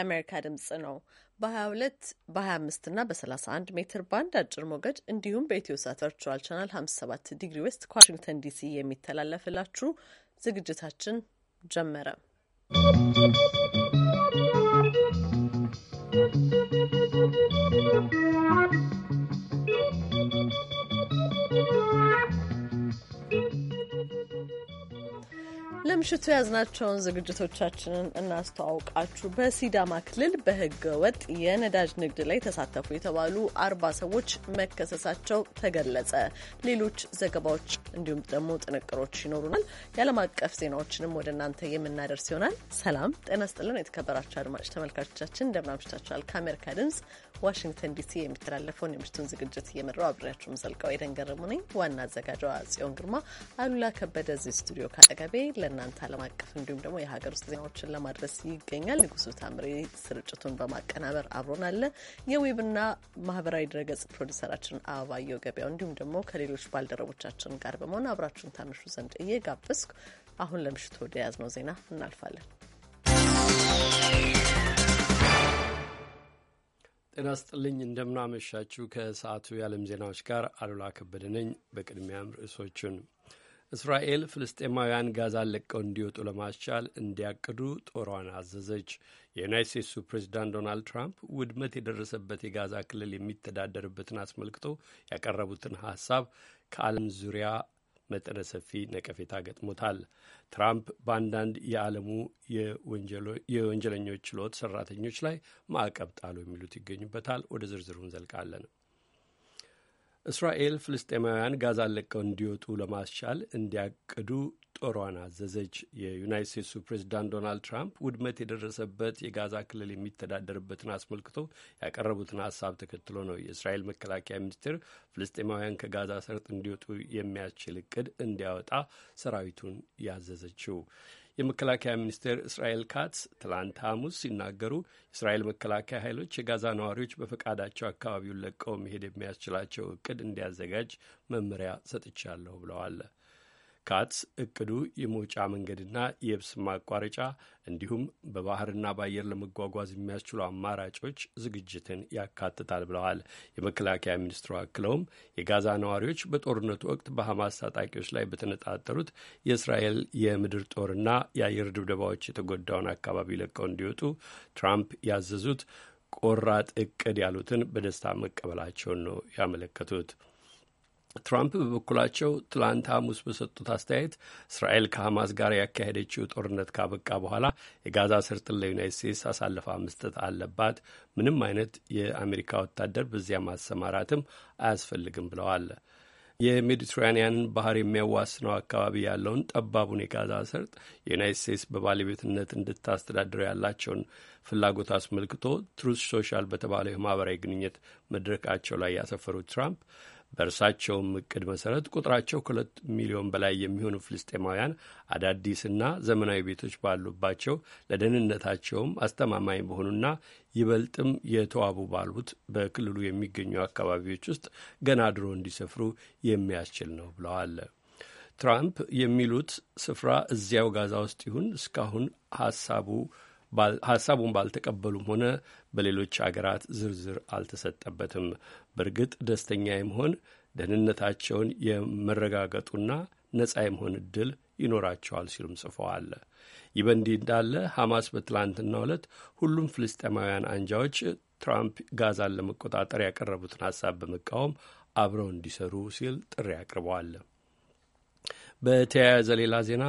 የአሜሪካ ድምጽ ነው። በ22 በ25 እና በ31 ሜትር ባንድ አጭር ሞገድ እንዲሁም በኢትዮ ሳት ቨርቹዋል ቻናል 57 ዲግሪ ዌስት ከዋሽንግተን ዲሲ የሚተላለፍላችሁ ዝግጅታችን ጀመረ። ለምሽቱ ያዝናቸውን ዝግጅቶቻችንን እናስተዋውቃችሁ። በሲዳማ ክልል በህገ ወጥ የነዳጅ ንግድ ላይ ተሳተፉ የተባሉ አርባ ሰዎች መከሰሳቸው ተገለጸ። ሌሎች ዘገባዎች እንዲሁም ደግሞ ጥንቅሮች ይኖሩናል። የዓለም አቀፍ ዜናዎችንም ወደ እናንተ የምናደርስ ይሆናል። ሰላም ጤና ስጥልን። የተከበራችሁ አድማጭ ተመልካቾቻችን እንደምን አምሽታችኋል? ከአሜሪካ ድምጽ ዋሽንግተን ዲሲ የሚተላለፈውን የምሽቱን ዝግጅት እየመራው አብሬያችሁም ዘልቀው የደንገረሙ ነኝ። ዋና አዘጋጇ ጽዮን ግርማ፣ አሉላ ከበደ እዚህ ስቱዲዮ ካጠገቤ ለእናንተ እናንተ ዓለም አቀፍ እንዲሁም ደግሞ የሀገር ውስጥ ዜናዎችን ለማድረስ ይገኛል። ንጉሱ ታምሬ ስርጭቱን በማቀናበር አብሮን አለ። የዌብና ማህበራዊ ድረገጽ ፕሮዲሰራችን አበባየው ገበያው እንዲሁም ደግሞ ከሌሎች ባልደረቦቻችን ጋር በመሆን አብራችሁን ታምሹ ዘንድ እየጋበዝኩ አሁን ለምሽቱ ወደ ያዝነው ዜና እናልፋለን። ጤና ስጥልኝ እንደምናመሻችሁ። ከሰዓቱ የዓለም ዜናዎች ጋር አሉላ ከበደ ነኝ። በቅድሚያም ርዕሶቹን እስራኤል ፍልስጤማውያን ጋዛን ለቀው እንዲወጡ ለማስቻል እንዲያቅዱ ጦሯን አዘዘች። የዩናይት ስቴትሱ ፕሬዚዳንት ዶናልድ ትራምፕ ውድመት የደረሰበት የጋዛ ክልል የሚተዳደርበትን አስመልክቶ ያቀረቡትን ሀሳብ ከዓለም ዙሪያ መጠነ ሰፊ ነቀፌታ ገጥሞታል። ትራምፕ በአንዳንድ የዓለሙ የወንጀለኞች ችሎት ሰራተኞች ላይ ማዕቀብ ጣሉ የሚሉት ይገኙበታል። ወደ ዝርዝሩ እንዘልቃለን። እስራኤል ፍልስጤማውያን ጋዛን ለቀው እንዲወጡ ለማስቻል እንዲያቅዱ ጦሯን አዘዘች። የዩናይት ስቴትሱ ፕሬዚዳንት ዶናልድ ትራምፕ ውድመት የደረሰበት የጋዛ ክልል የሚተዳደርበትን አስመልክቶ ያቀረቡትን ሀሳብ ተከትሎ ነው የእስራኤል መከላከያ ሚኒስቴር ፍልስጤማውያን ከጋዛ ሰርጥ እንዲወጡ የሚያስችል እቅድ እንዲያወጣ ሰራዊቱን ያዘዘችው። የመከላከያ ሚኒስቴር እስራኤል ካትስ ትላንት ሐሙስ ሲናገሩ እስራኤል መከላከያ ኃይሎች የጋዛ ነዋሪዎች በፈቃዳቸው አካባቢውን ለቀው መሄድ የሚያስችላቸው እቅድ እንዲያዘጋጅ መመሪያ ሰጥቻለሁ ብለዋል። ካትስ እቅዱ የመውጫ መንገድና የብስ ማቋረጫ እንዲሁም በባህርና በአየር ለመጓጓዝ የሚያስችሉ አማራጮች ዝግጅትን ያካትታል ብለዋል። የመከላከያ ሚኒስትሩ አክለውም የጋዛ ነዋሪዎች በጦርነቱ ወቅት በሐማስ ታጣቂዎች ላይ በተነጣጠሩት የእስራኤል የምድር ጦርና የአየር ድብደባዎች የተጎዳውን አካባቢ ለቀው እንዲወጡ ትራምፕ ያዘዙት ቆራጥ እቅድ ያሉትን በደስታ መቀበላቸውን ነው ያመለከቱት። ትራምፕ በበኩላቸው ትላንት ሐሙስ በሰጡት አስተያየት እስራኤል ከሐማስ ጋር ያካሄደችው ጦርነት ካበቃ በኋላ የጋዛ ስርጥን ለዩናይት ስቴትስ አሳልፋ መስጠት አለባት፣ ምንም አይነት የአሜሪካ ወታደር በዚያ ማሰማራትም አያስፈልግም ብለዋል። የሜዲትራኒያንን ባህር የሚያዋስነው አካባቢ ያለውን ጠባቡን የጋዛ ሰርጥ የዩናይት ስቴትስ በባለቤትነት እንድታስተዳድረው ያላቸውን ፍላጎት አስመልክቶ ትሩስ ሶሻል በተባለው የማህበራዊ ግንኙነት መድረካቸው ላይ ያሰፈሩት ትራምፕ በእርሳቸውም እቅድ መሠረት ቁጥራቸው ከሁለት ሚሊዮን በላይ የሚሆኑ ፍልስጤማውያን አዳዲስና ዘመናዊ ቤቶች ባሉባቸው ለደህንነታቸውም አስተማማኝ በሆኑና ይበልጥም የተዋቡ ባሉት በክልሉ የሚገኙ አካባቢዎች ውስጥ ገና ድሮ እንዲሰፍሩ የሚያስችል ነው ብለዋል። ትራምፕ የሚሉት ስፍራ እዚያው ጋዛ ውስጥ ይሁን እስካሁን ሀሳቡ ሀሳቡን ባልተቀበሉም ሆነ በሌሎች አገራት ዝርዝር አልተሰጠበትም። በእርግጥ ደስተኛ የመሆን ደህንነታቸውን የመረጋገጡና ነጻ የመሆን እድል ይኖራቸዋል ሲሉም ጽፈዋል። ይህ በእንዲህ እንዳለ ሐማስ በትላንትናው ዕለት ሁሉም ፍልስጤማውያን አንጃዎች ትራምፕ ጋዛን ለመቆጣጠር ያቀረቡትን ሀሳብ በመቃወም አብረው እንዲሰሩ ሲል ጥሪ አቅርበዋል። በተያያዘ ሌላ ዜና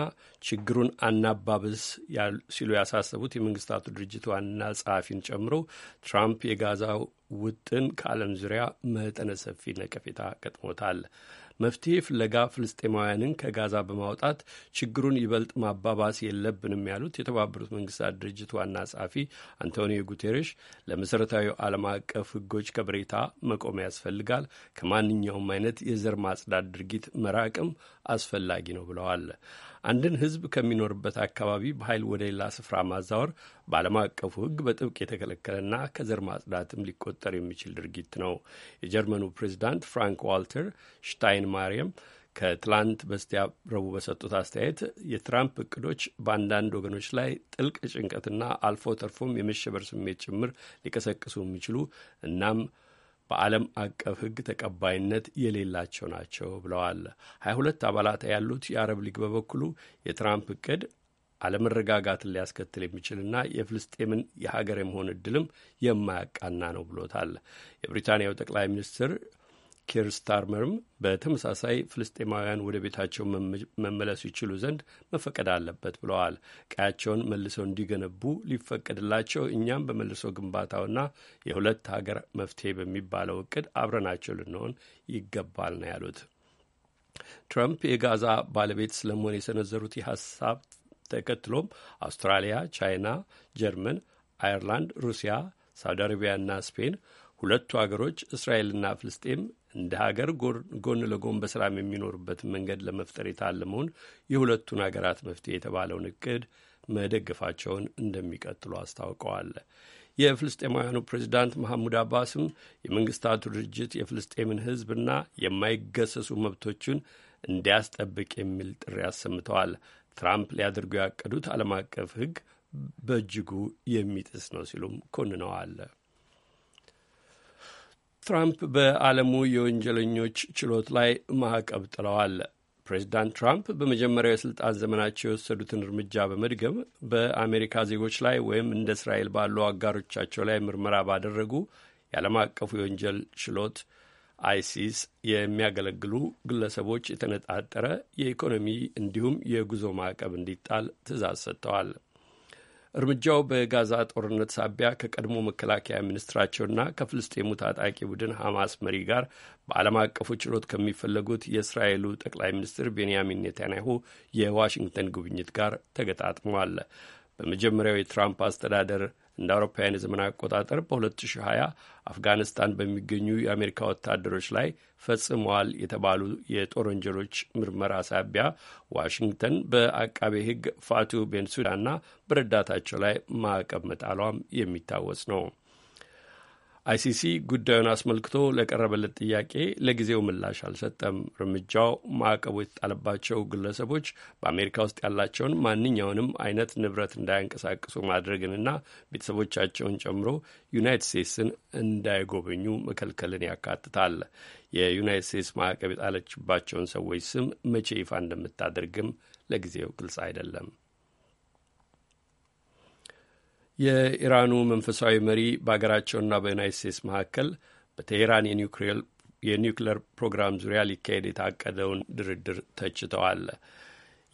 ችግሩን አናባብስ ሲሉ ያሳሰቡት የመንግስታቱ ድርጅት ዋና ጸሐፊን ጨምሮ ትራምፕ የጋዛ ውጥን ከዓለም ዙሪያ መጠነ ሰፊ ነቀፌታ ገጥሞታል። መፍትሄ ፍለጋ ፍልስጤማውያንን ከጋዛ በማውጣት ችግሩን ይበልጥ ማባባስ የለብንም ያሉት የተባበሩት መንግስታት ድርጅት ዋና ጸሐፊ አንቶኒዮ ጉቴሬሽ ለመሠረታዊ ዓለም አቀፍ ሕጎች ከብሬታ መቆም ያስፈልጋል፣ ከማንኛውም አይነት የዘር ማጽዳት ድርጊት መራቅም አስፈላጊ ነው ብለዋል። አንድን ሕዝብ ከሚኖርበት አካባቢ በኃይል ወደ ሌላ ስፍራ ማዛወር በዓለም አቀፉ ሕግ በጥብቅ የተከለከለና ከዘር ማጽዳትም ሊቆጠር የሚችል ድርጊት ነው። የጀርመኑ ፕሬዚዳንት ፍራንክ ዋልተር ሽታይን ማርያም ከትላንት በስቲያ ረቡዕ በሰጡት አስተያየት የትራምፕ እቅዶች በአንዳንድ ወገኖች ላይ ጥልቅ ጭንቀትና አልፎ ተርፎም የመሸበር ስሜት ጭምር ሊቀሰቅሱ የሚችሉ እናም በዓለም አቀፍ ሕግ ተቀባይነት የሌላቸው ናቸው ብለዋል። ሀያ ሁለት አባላት ያሉት የአረብ ሊግ በበኩሉ የትራምፕ እቅድ አለመረጋጋትን ሊያስከትል የሚችልና የፍልስጤምን የሀገር የመሆን እድልም የማያቃና ነው ብሎታል። የብሪታንያው ጠቅላይ ሚኒስትር ኪር ስታርመርም በተመሳሳይ ፍልስጤማውያን ወደ ቤታቸው መመለሱ ይችሉ ዘንድ መፈቀድ አለበት ብለዋል። ቀያቸውን መልሰው እንዲገነቡ ሊፈቀድላቸው እኛም በመልሶ ግንባታውና የሁለት ሀገር መፍትሄ በሚባለው እቅድ አብረናቸው ልንሆን ይገባል ነው ያሉት። ትራምፕ የጋዛ ባለቤት ስለመሆን የሰነዘሩት ሀሳብ ተከትሎም አውስትራሊያ፣ ቻይና፣ ጀርመን፣ አየርላንድ፣ ሩሲያ፣ ሳውዲ አረቢያና ስፔን ሁለቱ አገሮች እስራኤልና ፍልስጤም እንደ ሀገር ጎን ለጎን በሰላም የሚኖሩበትን መንገድ ለመፍጠር የታለመውን የሁለቱን ሀገራት መፍትሄ የተባለውን እቅድ መደገፋቸውን እንደሚቀጥሉ አስታውቀዋል። የፍልስጤማውያኑ ፕሬዚዳንት መሐሙድ አባስም የመንግስታቱ ድርጅት የፍልስጤምን ሕዝብና የማይገሰሱ መብቶቹን እንዲያስጠብቅ የሚል ጥሪ አሰምተዋል። ትራምፕ ሊያደርጉ ያቀዱት ዓለም አቀፍ ሕግ በእጅጉ የሚጥስ ነው ሲሉም ኮንነዋል። ትራምፕ በዓለሙ የወንጀለኞች ችሎት ላይ ማዕቀብ ጥለዋል። ፕሬዚዳንት ትራምፕ በመጀመሪያው የስልጣን ዘመናቸው የወሰዱትን እርምጃ በመድገም በአሜሪካ ዜጎች ላይ ወይም እንደ እስራኤል ባሉ አጋሮቻቸው ላይ ምርመራ ባደረጉ የዓለም አቀፉ የወንጀል ችሎት አይሲስ የሚያገለግሉ ግለሰቦች የተነጣጠረ የኢኮኖሚ እንዲሁም የጉዞ ማዕቀብ እንዲጣል ትእዛዝ ሰጥተዋል። እርምጃው በጋዛ ጦርነት ሳቢያ ከቀድሞ መከላከያ ሚኒስትራቸውና ከፍልስጤሙ ታጣቂ ቡድን ሐማስ መሪ ጋር በዓለም አቀፉ ችሎት ከሚፈለጉት የእስራኤሉ ጠቅላይ ሚኒስትር ቤንያሚን ኔታንያሁ የዋሽንግተን ጉብኝት ጋር ተገጣጥሟል። በመጀመሪያው የትራምፕ አስተዳደር እንደ አውሮፓውያን የዘመን አቆጣጠር በ2020 አፍጋኒስታን በሚገኙ የአሜሪካ ወታደሮች ላይ ፈጽመዋል የተባሉ የጦር ወንጀሎች ምርመራ ሳቢያ ዋሽንግተን በአቃቤ ሕግ ፋቱ ቤንሱዳና በረዳታቸው ላይ ማዕቀብ መጣሏም የሚታወስ ነው። አይሲሲ ጉዳዩን አስመልክቶ ለቀረበለት ጥያቄ ለጊዜው ምላሽ አልሰጠም። እርምጃው ማዕቀቡ የተጣለባቸው ግለሰቦች በአሜሪካ ውስጥ ያላቸውን ማንኛውንም አይነት ንብረት እንዳያንቀሳቅሱ ማድረግንና ቤተሰቦቻቸውን ጨምሮ ዩናይትድ ስቴትስን እንዳይጎበኙ መከልከልን ያካትታል። የዩናይትድ ስቴትስ ማዕቀብ የጣለችባቸውን ሰዎች ስም መቼ ይፋ እንደምታደርግም ለጊዜው ግልጽ አይደለም። የኢራኑ መንፈሳዊ መሪ በሀገራቸውና በዩናይት ስቴትስ መካከል በቴሄራን የኒውክሌር ፕሮግራም ዙሪያ ሊካሄድ የታቀደውን ድርድር ተችተዋል።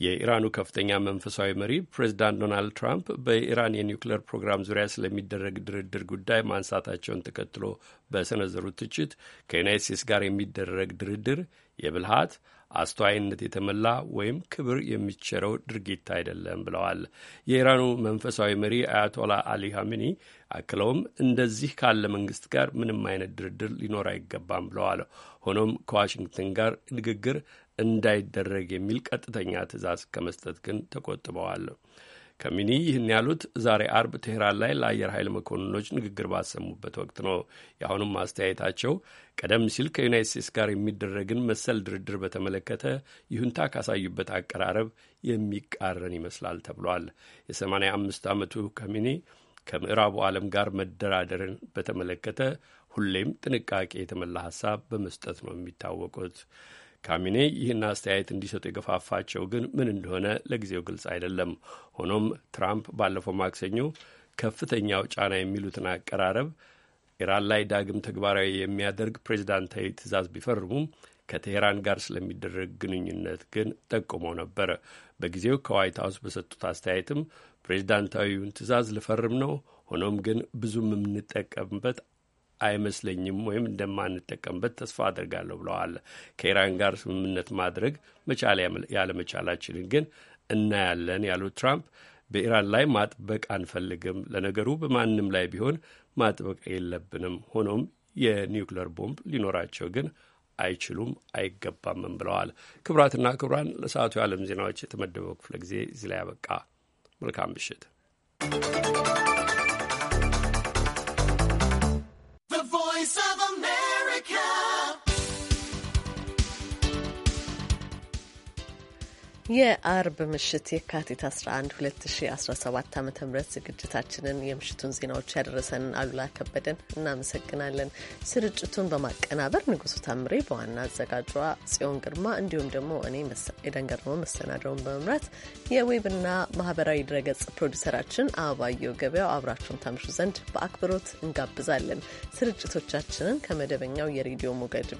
የኢራኑ ከፍተኛ መንፈሳዊ መሪ ፕሬዚዳንት ዶናልድ ትራምፕ በኢራን የኒውክሌር ፕሮግራም ዙሪያ ስለሚደረግ ድርድር ጉዳይ ማንሳታቸውን ተከትሎ በሰነዘሩት ትችት ከዩናይት ስቴትስ ጋር የሚደረግ ድርድር የብልሃት አስተዋይነት የተሞላ ወይም ክብር የሚቸረው ድርጊት አይደለም ብለዋል። የኢራኑ መንፈሳዊ መሪ አያቶላ አሊ ሀሚኒ አክለውም እንደዚህ ካለ መንግስት ጋር ምንም አይነት ድርድር ሊኖር አይገባም ብለዋል። ሆኖም ከዋሽንግተን ጋር ንግግር እንዳይደረግ የሚል ቀጥተኛ ትዕዛዝ ከመስጠት ግን ተቆጥበዋል። ከሚኒ ይህን ያሉት ዛሬ አርብ ቴህራን ላይ ለአየር ኃይል መኮንኖች ንግግር ባሰሙበት ወቅት ነው። የአሁኑም አስተያየታቸው ቀደም ሲል ከዩናይት ስቴትስ ጋር የሚደረግን መሰል ድርድር በተመለከተ ይሁንታ ካሳዩበት አቀራረብ የሚቃረን ይመስላል ተብሏል። የ የ85 ዓመቱ ከሚኒ ከምዕራቡ ዓለም ጋር መደራደርን በተመለከተ ሁሌም ጥንቃቄ የተሞላ ሀሳብ በመስጠት ነው የሚታወቁት። ካሚኔ ይህን አስተያየት እንዲሰጡ የገፋፋቸው ግን ምን እንደሆነ ለጊዜው ግልጽ አይደለም። ሆኖም ትራምፕ ባለፈው ማክሰኞ ከፍተኛው ጫና የሚሉትን አቀራረብ ኢራን ላይ ዳግም ተግባራዊ የሚያደርግ ፕሬዚዳንታዊ ትዕዛዝ ቢፈርሙም ከቴሄራን ጋር ስለሚደረግ ግንኙነት ግን ጠቁመው ነበር። በጊዜው ከዋይት ሀውስ በሰጡት አስተያየትም ፕሬዚዳንታዊውን ትዕዛዝ ልፈርም ነው ሆኖም ግን ብዙም የምንጠቀምበት አይመስለኝም ወይም እንደማንጠቀምበት ተስፋ አድርጋለሁ ብለዋል። ከኢራን ጋር ስምምነት ማድረግ መቻል ያለመቻላችንን ግን እናያለን ያሉት ትራምፕ በኢራን ላይ ማጥበቅ አንፈልግም፣ ለነገሩ በማንም ላይ ቢሆን ማጥበቅ የለብንም፣ ሆኖም የኒውክለር ቦምብ ሊኖራቸው ግን አይችሉም አይገባምም ብለዋል። ክቡራትና ክቡራን ለሰዓቱ የዓለም ዜናዎች የተመደበው ክፍለ ጊዜ እዚህ ላይ ያበቃ። መልካም ምሽት። የአርብ ምሽት የካቲት 11 2017 ዓ ም ዝግጅታችንን የምሽቱን ዜናዎች ያደረሰንን አሉላ ከበደን እናመሰግናለን። ስርጭቱን በማቀናበር ንጉሱ ታምሬ፣ በዋና አዘጋጇ ጽዮን ግርማ እንዲሁም ደግሞ እኔ ኤደን ገርሞ መሰናደውን በመምራት የዌብና ማህበራዊ ድረገጽ ፕሮዲሰራችን አበባየው ገበያው አብራችሁን ታምሹ ዘንድ በአክብሮት እንጋብዛለን። ስርጭቶቻችንን ከመደበኛው የሬዲዮ ሞገድ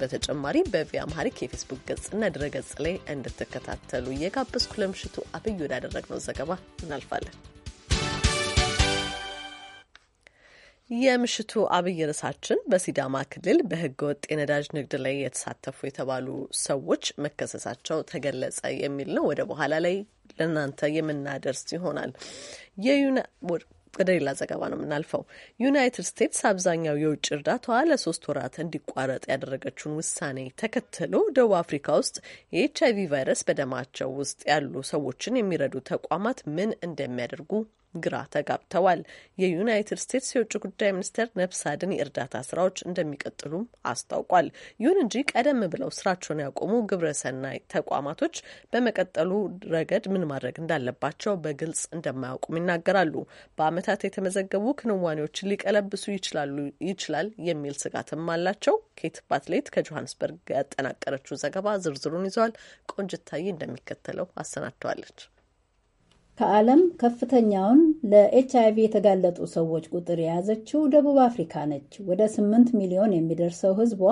በተጨማሪ በቪያ አምሃሪክ የፌስቡክ ገጽና ድረገጽ ላይ እንድትከታተሉ እንዲከታተሉ እየጋበዝኩ ለምሽቱ አብይ ወዳደረግነው ዘገባ እናልፋለን። የምሽቱ አብይ ርዕሳችን በሲዳማ ክልል በህገ ወጥ የነዳጅ ንግድ ላይ የተሳተፉ የተባሉ ሰዎች መከሰሳቸው ተገለጸ የሚል ነው። ወደ በኋላ ላይ ለእናንተ የምናደርስ ይሆናል። ወደ ሌላ ዘገባ ነው የምናልፈው። ዩናይትድ ስቴትስ አብዛኛው የውጭ እርዳታዋ ለሶስት ወራት እንዲቋረጥ ያደረገችውን ውሳኔ ተከትሎ ደቡብ አፍሪካ ውስጥ የኤች አይቪ ቫይረስ በደማቸው ውስጥ ያሉ ሰዎችን የሚረዱ ተቋማት ምን እንደሚያደርጉ ግራ ተጋብተዋል። የዩናይትድ ስቴትስ የውጭ ጉዳይ ሚኒስቴር ነፍስ አድን የእርዳታ ስራዎች እንደሚቀጥሉም አስታውቋል። ይሁን እንጂ ቀደም ብለው ስራቸውን ያቆሙ ግብረሰናይ ተቋማቶች በመቀጠሉ ረገድ ምን ማድረግ እንዳለባቸው በግልጽ እንደማያውቁም ይናገራሉ። በአመታት የተመዘገቡ ክንዋኔዎችን ሊቀለብሱ ይችላሉ ይችላል የሚል ስጋትም አላቸው። ኬት ባትሌት ከጆሀንስበርግ ያጠናቀረችው ዘገባ ዝርዝሩን ይዘዋል። ቆንጅታዬ እንደሚከተለው አሰናድተዋለች። ከዓለም ከፍተኛውን ለኤች አይቪ የተጋለጡ ሰዎች ቁጥር የያዘችው ደቡብ አፍሪካ ነች። ወደ 8 ሚሊዮን የሚደርሰው ህዝቧ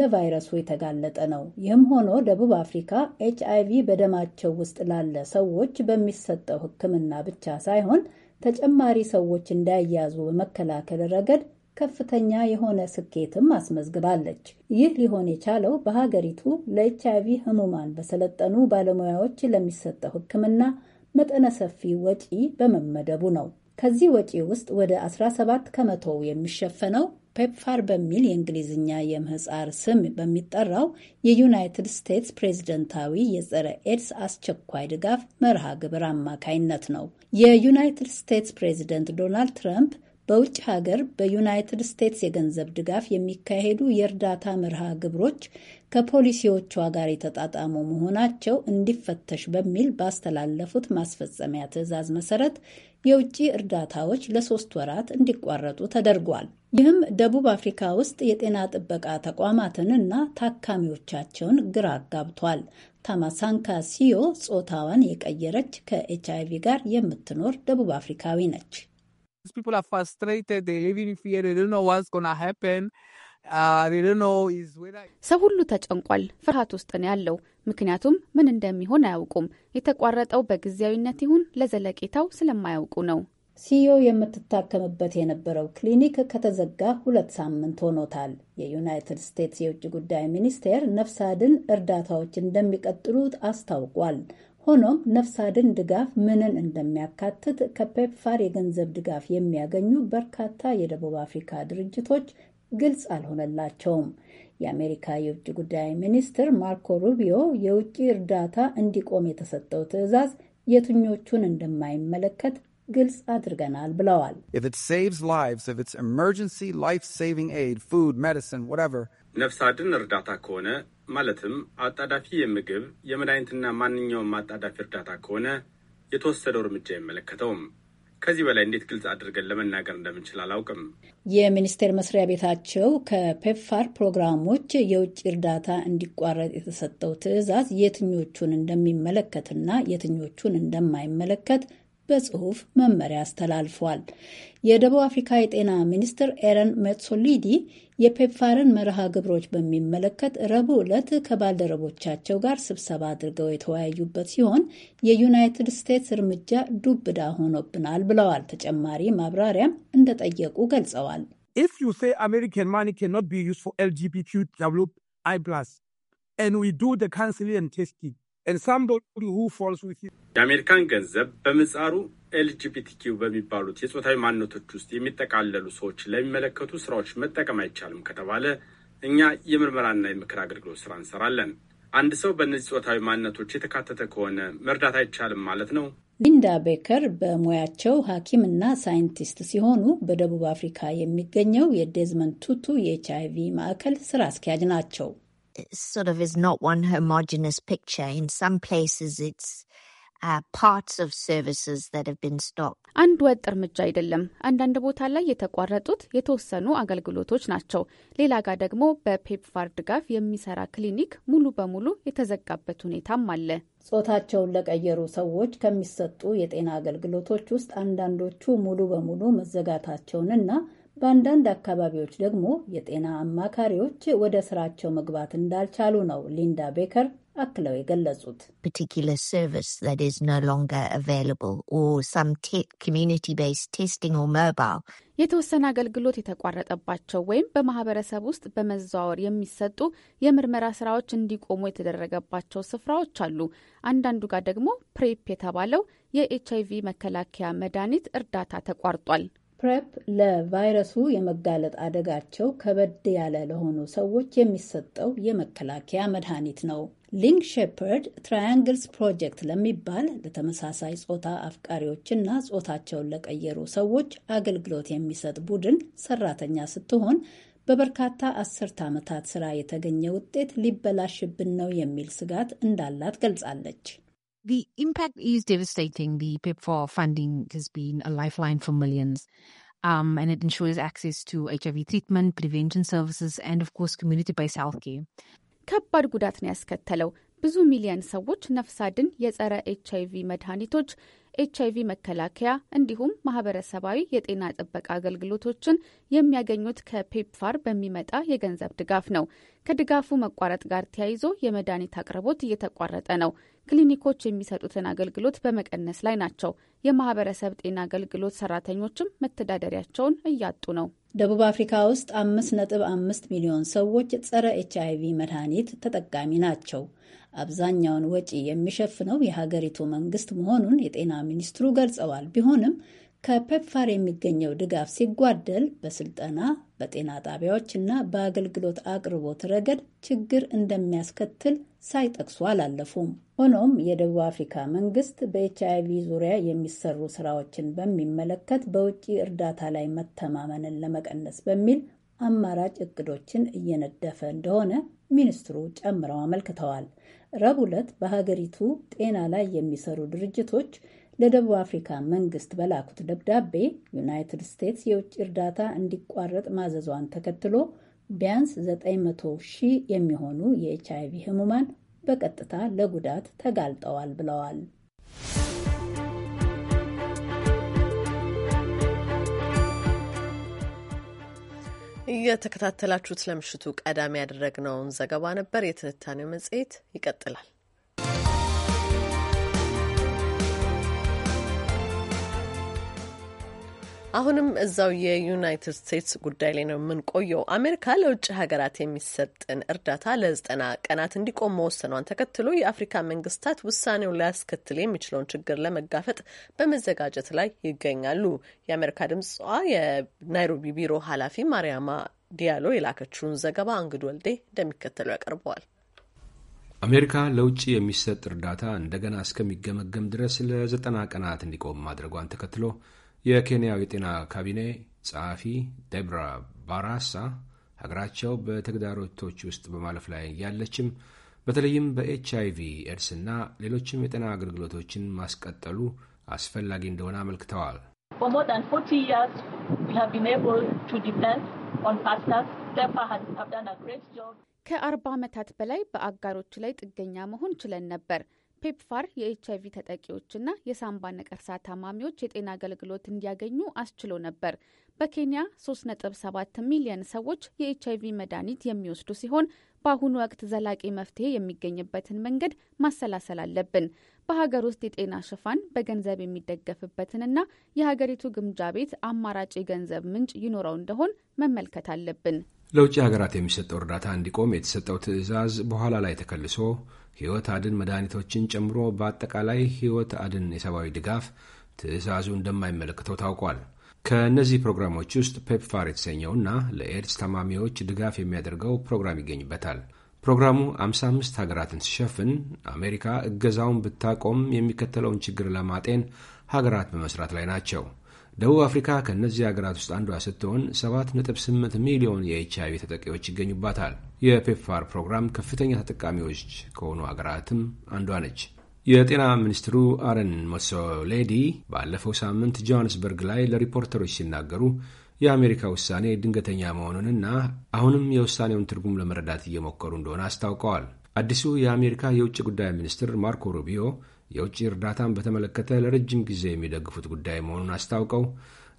ለቫይረሱ የተጋለጠ ነው። ይህም ሆኖ ደቡብ አፍሪካ ኤች አይቪ በደማቸው ውስጥ ላለ ሰዎች በሚሰጠው ሕክምና ብቻ ሳይሆን ተጨማሪ ሰዎች እንዳይያዙ በመከላከል ረገድ ከፍተኛ የሆነ ስኬትም አስመዝግባለች። ይህ ሊሆን የቻለው በሀገሪቱ ለኤች አይቪ ህሙማን በሰለጠኑ ባለሙያዎች ለሚሰጠው ሕክምና መጠነ ሰፊ ወጪ በመመደቡ ነው። ከዚህ ወጪ ውስጥ ወደ 17 ከመቶ የሚሸፈነው ፔፕፋር በሚል የእንግሊዝኛ የምህፃር ስም በሚጠራው የዩናይትድ ስቴትስ ፕሬዝደንታዊ የጸረ ኤድስ አስቸኳይ ድጋፍ መርሃ ግብር አማካይነት ነው። የዩናይትድ ስቴትስ ፕሬዝደንት ዶናልድ ትራምፕ በውጭ ሀገር በዩናይትድ ስቴትስ የገንዘብ ድጋፍ የሚካሄዱ የእርዳታ መርሃ ግብሮች ከፖሊሲዎቿ ጋር የተጣጣሙ መሆናቸው እንዲፈተሽ በሚል ባስተላለፉት ማስፈጸሚያ ትዕዛዝ መሰረት የውጭ እርዳታዎች ለሶስት ወራት እንዲቋረጡ ተደርጓል። ይህም ደቡብ አፍሪካ ውስጥ የጤና ጥበቃ ተቋማትንና ታካሚዎቻቸውን ግራ አጋብቷል። ታማሳንካ ሲዮ ጾታዋን የቀየረች ከኤች ቪ ጋር የምትኖር ደቡብ አፍሪካዊ ነች። people are frustrated. They even fear. They don't know what's gonna happen. Uh, ሰው ሁሉ ተጨንቋል። ፍርሃት ውስጥ ነው ያለው። ምክንያቱም ምን እንደሚሆን አያውቁም። የተቋረጠው በጊዜያዊነት ይሁን ለዘለቄታው ስለማያውቁ ነው። ሲዮ የምትታከምበት የነበረው ክሊኒክ ከተዘጋ ሁለት ሳምንት ሆኖታል። የዩናይትድ ስቴትስ የውጭ ጉዳይ ሚኒስቴር ነፍስ አድን እርዳታዎች እንደሚቀጥሉት አስታውቋል። ሆኖም ነፍስ አድን ድጋፍ ምንን እንደሚያካትት ከፔፕፋር የገንዘብ ድጋፍ የሚያገኙ በርካታ የደቡብ አፍሪካ ድርጅቶች ግልጽ አልሆነላቸውም። የአሜሪካ የውጭ ጉዳይ ሚኒስትር ማርኮ ሩቢዮ የውጭ እርዳታ እንዲቆም የተሰጠው ትዕዛዝ የትኞቹን እንደማይመለከት ግልጽ አድርገናል ብለዋል። ነፍስ አድን እርዳታ ከሆነ ማለትም አጣዳፊ የምግብ የመድኃኒትና ማንኛውም አጣዳፊ እርዳታ ከሆነ የተወሰደው እርምጃ አይመለከተውም። ከዚህ በላይ እንዴት ግልጽ አድርገን ለመናገር እንደምንችል አላውቅም። የሚኒስቴር መስሪያ ቤታቸው ከፔፕፋር ፕሮግራሞች የውጭ እርዳታ እንዲቋረጥ የተሰጠው ትዕዛዝ የትኞቹን እንደሚመለከትና የትኞቹን እንደማይመለከት በጽሑፍ መመሪያ አስተላልፏል። የደቡብ አፍሪካ የጤና ሚኒስትር ኤረን ሜትሶሊዲ የፔፕፋርን መርሃ ግብሮች በሚመለከት ረቡዕ ዕለት ከባልደረቦቻቸው ጋር ስብሰባ አድርገው የተወያዩበት ሲሆን የዩናይትድ ስቴትስ እርምጃ ዱብ ዕዳ ሆኖብናል ብለዋል። ተጨማሪ ማብራሪያም እንደጠየቁ ገልጸዋል። አሜሪካን የአሜሪካን ገንዘብ በምጻሩ ኤልጂቢቲኪው በሚባሉት የጾታዊ ማንነቶች ውስጥ የሚጠቃለሉ ሰዎች ለሚመለከቱ ስራዎች መጠቀም አይቻልም ከተባለ እኛ የምርመራና የምክር አገልግሎት ስራ እንሰራለን። አንድ ሰው በእነዚህ ጾታዊ ማንነቶች የተካተተ ከሆነ መርዳት አይቻልም ማለት ነው። ሊንዳ ቤከር በሙያቸው እና ሳይንቲስት ሲሆኑ በደቡብ አፍሪካ የሚገኘው የዴዝመንድ ቱቱ የኤች አይ ቪ ማዕከል ስራ አስኪያጅ ናቸው። sort of is not one homogenous picture. In some places, it's uh, አንድ ወጥ እርምጃ አይደለም። አንዳንድ ቦታ ላይ የተቋረጡት የተወሰኑ አገልግሎቶች ናቸው። ሌላ ጋ ደግሞ በፔፕፋር ድጋፍ የሚሰራ ክሊኒክ ሙሉ በሙሉ የተዘጋበት ሁኔታም አለ። ጾታቸውን ለቀየሩ ሰዎች ከሚሰጡ የጤና አገልግሎቶች ውስጥ አንዳንዶቹ ሙሉ በሙሉ መዘጋታቸውንና በአንዳንድ አካባቢዎች ደግሞ የጤና አማካሪዎች ወደ ስራቸው መግባት እንዳልቻሉ ነው ሊንዳ ቤከር አክለው የገለጹት። የተወሰነ አገልግሎት የተቋረጠባቸው ወይም በማህበረሰብ ውስጥ በመዘዋወር የሚሰጡ የምርመራ ስራዎች እንዲቆሙ የተደረገባቸው ስፍራዎች አሉ። አንዳንዱ ጋር ደግሞ ፕሬፕ የተባለው የኤች አይቪ መከላከያ መድኃኒት እርዳታ ተቋርጧል። ፕሬፕ ለቫይረሱ የመጋለጥ አደጋቸው ከበድ ያለ ለሆኑ ሰዎች የሚሰጠው የመከላከያ መድኃኒት ነው። ሊንክ ሼፐርድ ትራያንግልስ ፕሮጀክት ለሚባል ለተመሳሳይ ጾታ አፍቃሪዎችና ጾታቸውን ለቀየሩ ሰዎች አገልግሎት የሚሰጥ ቡድን ሰራተኛ ስትሆን በበርካታ አስርተ ዓመታት ስራ የተገኘ ውጤት ሊበላሽብን ነው የሚል ስጋት እንዳላት ገልጻለች። The impact is devastating. The PEPFAR funding has been a lifeline for millions. Um, and it ensures access to HIV treatment, prevention services, and of course community-based healthcare. ከባድ ጉዳት ያስከተለው። ብዙ ሚሊዮን ሰዎች ነፍስ አድን የጸረ ኤች አይቪ መድኃኒቶች ኤች አይቪ መከላከያ እንዲሁም ማህበረሰባዊ የጤና ጥበቃ አገልግሎቶችን የሚያገኙት ከፔፕፋር በሚመጣ የገንዘብ ድጋፍ ነው። ከድጋፉ መቋረጥ ጋር ተያይዞ የመድኃኒት አቅርቦት እየተቋረጠ ነው። ክሊኒኮች የሚሰጡትን አገልግሎት በመቀነስ ላይ ናቸው። የማህበረሰብ ጤና አገልግሎት ሰራተኞችም መተዳደሪያቸውን እያጡ ነው። ደቡብ አፍሪካ ውስጥ አምስት ነጥብ አምስት ሚሊዮን ሰዎች ጸረ ኤች አይቪ መድኃኒት ተጠቃሚ ናቸው። አብዛኛውን ወጪ የሚሸፍነው የሀገሪቱ መንግስት መሆኑን የጤና ሚኒስትሩ ገልጸዋል። ቢሆንም ከፔፕፋር የሚገኘው ድጋፍ ሲጓደል በስልጠና በጤና ጣቢያዎች እና በአገልግሎት አቅርቦት ረገድ ችግር እንደሚያስከትል ሳይጠቅሱ አላለፉም። ሆኖም የደቡብ አፍሪካ መንግስት በኤች አይቪ ዙሪያ የሚሰሩ ስራዎችን በሚመለከት በውጭ እርዳታ ላይ መተማመንን ለመቀነስ በሚል አማራጭ እቅዶችን እየነደፈ እንደሆነ ሚኒስትሩ ጨምረው አመልክተዋል። ረቡዕ ዕለት በሀገሪቱ ጤና ላይ የሚሰሩ ድርጅቶች ለደቡብ አፍሪካ መንግስት በላኩት ደብዳቤ ዩናይትድ ስቴትስ የውጭ እርዳታ እንዲቋረጥ ማዘዟን ተከትሎ ቢያንስ 900 ሺህ የሚሆኑ የኤች አይቪ ህሙማን በቀጥታ ለጉዳት ተጋልጠዋል ብለዋል። እየተከታተላችሁት ለምሽቱ ቀዳሚ ያደረግነውን ዘገባ ነበር። የትንታኔው መጽሔት ይቀጥላል። አሁንም እዛው የዩናይትድ ስቴትስ ጉዳይ ላይ ነው የምንቆየው። አሜሪካ ለውጭ ሀገራት የሚሰጥን እርዳታ ለዘጠና ቀናት እንዲቆም መወሰኗን ተከትሎ የአፍሪካ መንግስታት ውሳኔውን ሊያስከትል የሚችለውን ችግር ለመጋፈጥ በመዘጋጀት ላይ ይገኛሉ። የአሜሪካ ድምጽ የናይሮቢ ቢሮ ኃላፊ ማርያማ ዲያሎ የላከችውን ዘገባ እንግድ ወልዴ እንደሚከተለው ያቀርበዋል። አሜሪካ ለውጭ የሚሰጥ እርዳታ እንደገና እስከሚገመገም ድረስ ለዘጠና ቀናት እንዲቆም ማድረጓን ተከትሎ የኬንያው የጤና ካቢኔ ጸሐፊ ደብራ ባራሳ ሀገራቸው በተግዳሮቶች ውስጥ በማለፍ ላይ ያለችም በተለይም በኤች ኤድስ ኤድስና ሌሎችም የጤና አገልግሎቶችን ማስቀጠሉ አስፈላጊ እንደሆነ አመልክተዋል። ከአርባ ዓመታት በላይ በአጋሮች ላይ ጥገኛ መሆን ችለን ነበር። ፔፕፋር የኤች አይቪ ተጠቂዎችና የሳምባ ነቀርሳ ታማሚዎች የጤና አገልግሎት እንዲያገኙ አስችሎ ነበር። በኬንያ 3.7 ሚሊዮን ሰዎች የኤች አይቪ መድኃኒት የሚወስዱ ሲሆን በአሁኑ ወቅት ዘላቂ መፍትሄ የሚገኝበትን መንገድ ማሰላሰል አለብን። በሀገር ውስጥ የጤና ሽፋን በገንዘብ የሚደገፍበትንና የሀገሪቱ ግምጃ ቤት አማራጭ የገንዘብ ምንጭ ይኖረው እንደሆን መመልከት አለብን። ለውጭ ሀገራት የሚሰጠው እርዳታ እንዲቆም የተሰጠው ትዕዛዝ በኋላ ላይ ተከልሶ ሕይወት አድን መድኃኒቶችን ጨምሮ በአጠቃላይ ሕይወት አድን የሰብአዊ ድጋፍ ትዕዛዙ እንደማይመለከተው ታውቋል። ከእነዚህ ፕሮግራሞች ውስጥ ፔፕፋር የተሰኘውና ለኤድስ ታማሚዎች ድጋፍ የሚያደርገው ፕሮግራም ይገኝበታል። ፕሮግራሙ 55 ሀገራትን ሲሸፍን አሜሪካ እገዛውን ብታቆም የሚከተለውን ችግር ለማጤን ሀገራት በመስራት ላይ ናቸው። ደቡብ አፍሪካ ከእነዚህ ሀገራት ውስጥ አንዷ ስትሆን 7.8 ሚሊዮን የኤች ቪ ተጠቂዎች ይገኙባታል። የፔፕፋር ፕሮግራም ከፍተኛ ተጠቃሚዎች ከሆኑ ሀገራትም አንዷ ነች። የጤና ሚኒስትሩ አረን ሞሶሌዲ ባለፈው ሳምንት ጆሃንስበርግ ላይ ለሪፖርተሮች ሲናገሩ የአሜሪካ ውሳኔ ድንገተኛ መሆኑንና አሁንም የውሳኔውን ትርጉም ለመረዳት እየሞከሩ እንደሆነ አስታውቀዋል። አዲሱ የአሜሪካ የውጭ ጉዳይ ሚኒስትር ማርኮ ሩቢዮ የውጭ እርዳታን በተመለከተ ለረጅም ጊዜ የሚደግፉት ጉዳይ መሆኑን አስታውቀው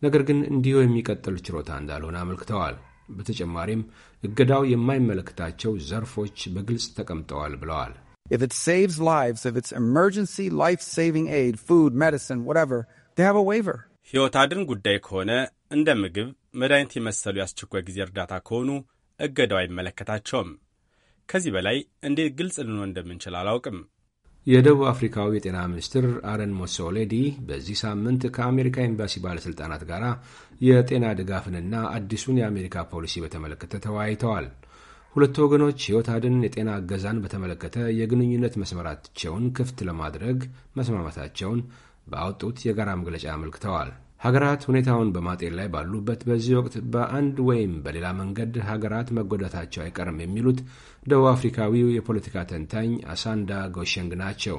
ነገር ግን እንዲሁ የሚቀጥል ችሮታ እንዳልሆነ አመልክተዋል። በተጨማሪም እገዳው የማይመለከታቸው ዘርፎች በግልጽ ተቀምጠዋል ብለዋል። ሕይወት አድን ጉዳይ ከሆነ እንደ ምግብ፣ መድኃኒት የመሰሉ የአስቸኳይ ጊዜ እርዳታ ከሆኑ እገዳው አይመለከታቸውም። ከዚህ በላይ እንዴት ግልጽ ልንሆን እንደምንችል አላውቅም። የደቡብ አፍሪካው የጤና ሚኒስትር አረን ሞሶሌዲ በዚህ ሳምንት ከአሜሪካ ኤምባሲ ባለሥልጣናት ጋር የጤና ድጋፍንና አዲሱን የአሜሪካ ፖሊሲ በተመለከተ ተወያይተዋል። ሁለቱ ወገኖች ሕይወት አድን የጤና እገዛን በተመለከተ የግንኙነት መስመራቸውን ክፍት ለማድረግ መስማማታቸውን በአወጡት የጋራ መግለጫ አመልክተዋል። ሀገራት ሁኔታውን በማጤን ላይ ባሉበት በዚህ ወቅት በአንድ ወይም በሌላ መንገድ ሀገራት መጎዳታቸው አይቀርም የሚሉት ደቡብ አፍሪካዊው የፖለቲካ ተንታኝ አሳንዳ ጎሸንግ ናቸው።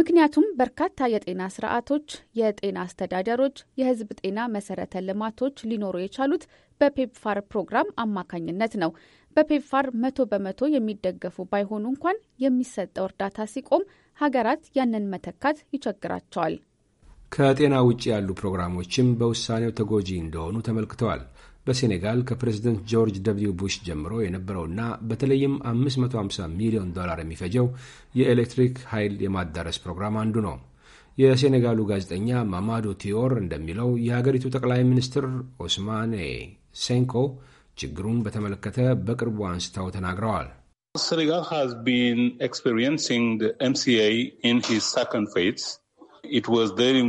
ምክንያቱም በርካታ የጤና ስርዓቶች፣ የጤና አስተዳደሮች፣ የህዝብ ጤና መሰረተ ልማቶች ሊኖሩ የቻሉት በፔፕፋር ፕሮግራም አማካኝነት ነው። በፔፋር መቶ በመቶ የሚደገፉ ባይሆኑ እንኳን የሚሰጠው እርዳታ ሲቆም ሀገራት ያንን መተካት ይቸግራቸዋል። ከጤና ውጭ ያሉ ፕሮግራሞችም በውሳኔው ተጎጂ እንደሆኑ ተመልክተዋል። በሴኔጋል ከፕሬዝደንት ጆርጅ ደብሊው ቡሽ ጀምሮ የነበረውና በተለይም 550 ሚሊዮን ዶላር የሚፈጀው የኤሌክትሪክ ኃይል የማዳረስ ፕሮግራም አንዱ ነው። የሴኔጋሉ ጋዜጠኛ ማማዶ ቲዮር እንደሚለው የሀገሪቱ ጠቅላይ ሚኒስትር ኦስማኔ ሴንኮ ችግሩን በተመለከተ በቅርቡ አንስተው ተናግረዋል። Senegal has been experiencing the MCA in his second phase. It was dealing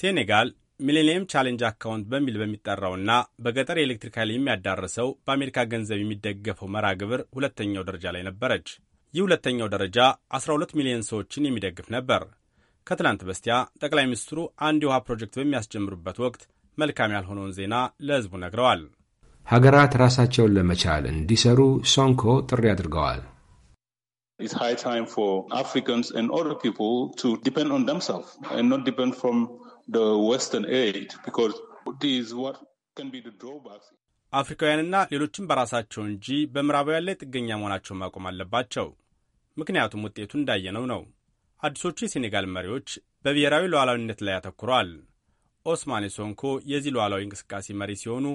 ሴኔጋል ሚሌኒየም ቻሌንጅ አካውንት በሚል በሚጠራውና በገጠር የኤሌክትሪክ ኃይል የሚያዳርሰው በአሜሪካ ገንዘብ የሚደገፈው መርሃ ግብር ሁለተኛው ደረጃ ላይ ነበረች። ይህ ሁለተኛው ደረጃ 12 ሚሊዮን ሰዎችን የሚደግፍ ነበር። ከትላንት በስቲያ ጠቅላይ ሚኒስትሩ አንድ የውሃ ፕሮጀክት በሚያስጀምሩበት ወቅት መልካም ያልሆነውን ዜና ለህዝቡ ነግረዋል። ሀገራት ራሳቸውን ለመቻል እንዲሰሩ ሶንኮ ጥሪ አድርገዋል። አፍሪካውያንና ሌሎችም በራሳቸው እንጂ በምዕራባውያን ላይ ጥገኛ መሆናቸውን ማቆም አለባቸው። ምክንያቱም ውጤቱ እንዳየነው ነው። አዲሶቹ የሴኔጋል መሪዎች በብሔራዊ ሉዓላዊነት ላይ ያተኩረዋል። ኦስማኔ ሶንኮ የዚህ ሉዓላዊ እንቅስቃሴ መሪ ሲሆኑ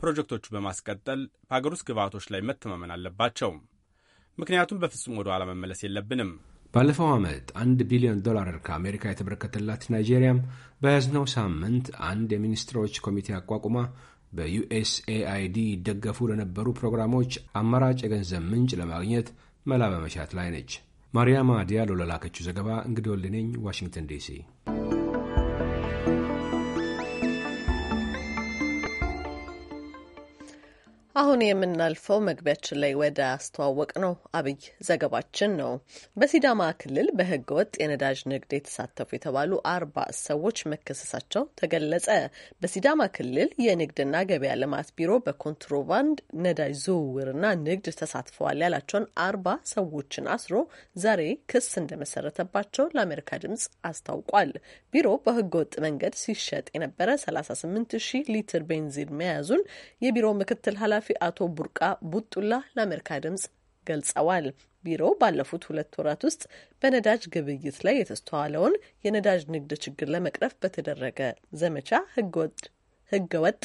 ፕሮጀክቶቹ በማስቀጠል በሀገር ውስጥ ግብዓቶች ላይ መተማመን አለባቸው። ምክንያቱም በፍጹም ወደ ኋላ መመለስ የለብንም። ባለፈው ዓመት አንድ ቢሊዮን ዶላር ከአሜሪካ የተበረከተላት ናይጄሪያም በያዝነው ሳምንት አንድ የሚኒስትሮች ኮሚቴ አቋቁማ በዩኤስኤአይዲ ይደገፉ ለነበሩ ፕሮግራሞች አማራጭ የገንዘብ ምንጭ ለማግኘት መላ በመሻት ላይ ነች። ማርያማ ዲያሎ ለላከችው ዘገባ እንግዲህ ወልነኝ ዋሽንግተን ዲሲ አሁን የምናልፈው መግቢያችን ላይ ወደ አስተዋወቅ ነው አብይ ዘገባችን ነው። በሲዳማ ክልል በህገ ወጥ የነዳጅ ንግድ የተሳተፉ የተባሉ አርባ ሰዎች መከሰሳቸው ተገለጸ። በሲዳማ ክልል የንግድና ገበያ ልማት ቢሮ በኮንትሮባንድ ነዳጅ ዝውውርና ንግድ ተሳትፈዋል ያላቸውን አርባ ሰዎችን አስሮ ዛሬ ክስ እንደመሰረተባቸው ለአሜሪካ ድምጽ አስታውቋል። ቢሮ በህገ ወጥ መንገድ ሲሸጥ የነበረ 38 ሺህ ሊትር ቤንዚን መያዙን የቢሮ ምክትል ኃላፊ ኃላፊ አቶ ቡርቃ ቡጡላ ለአሜሪካ ድምጽ ገልጸዋል። ቢሮው ባለፉት ሁለት ወራት ውስጥ በነዳጅ ግብይት ላይ የተስተዋለውን የነዳጅ ንግድ ችግር ለመቅረፍ በተደረገ ዘመቻ ህገወጥ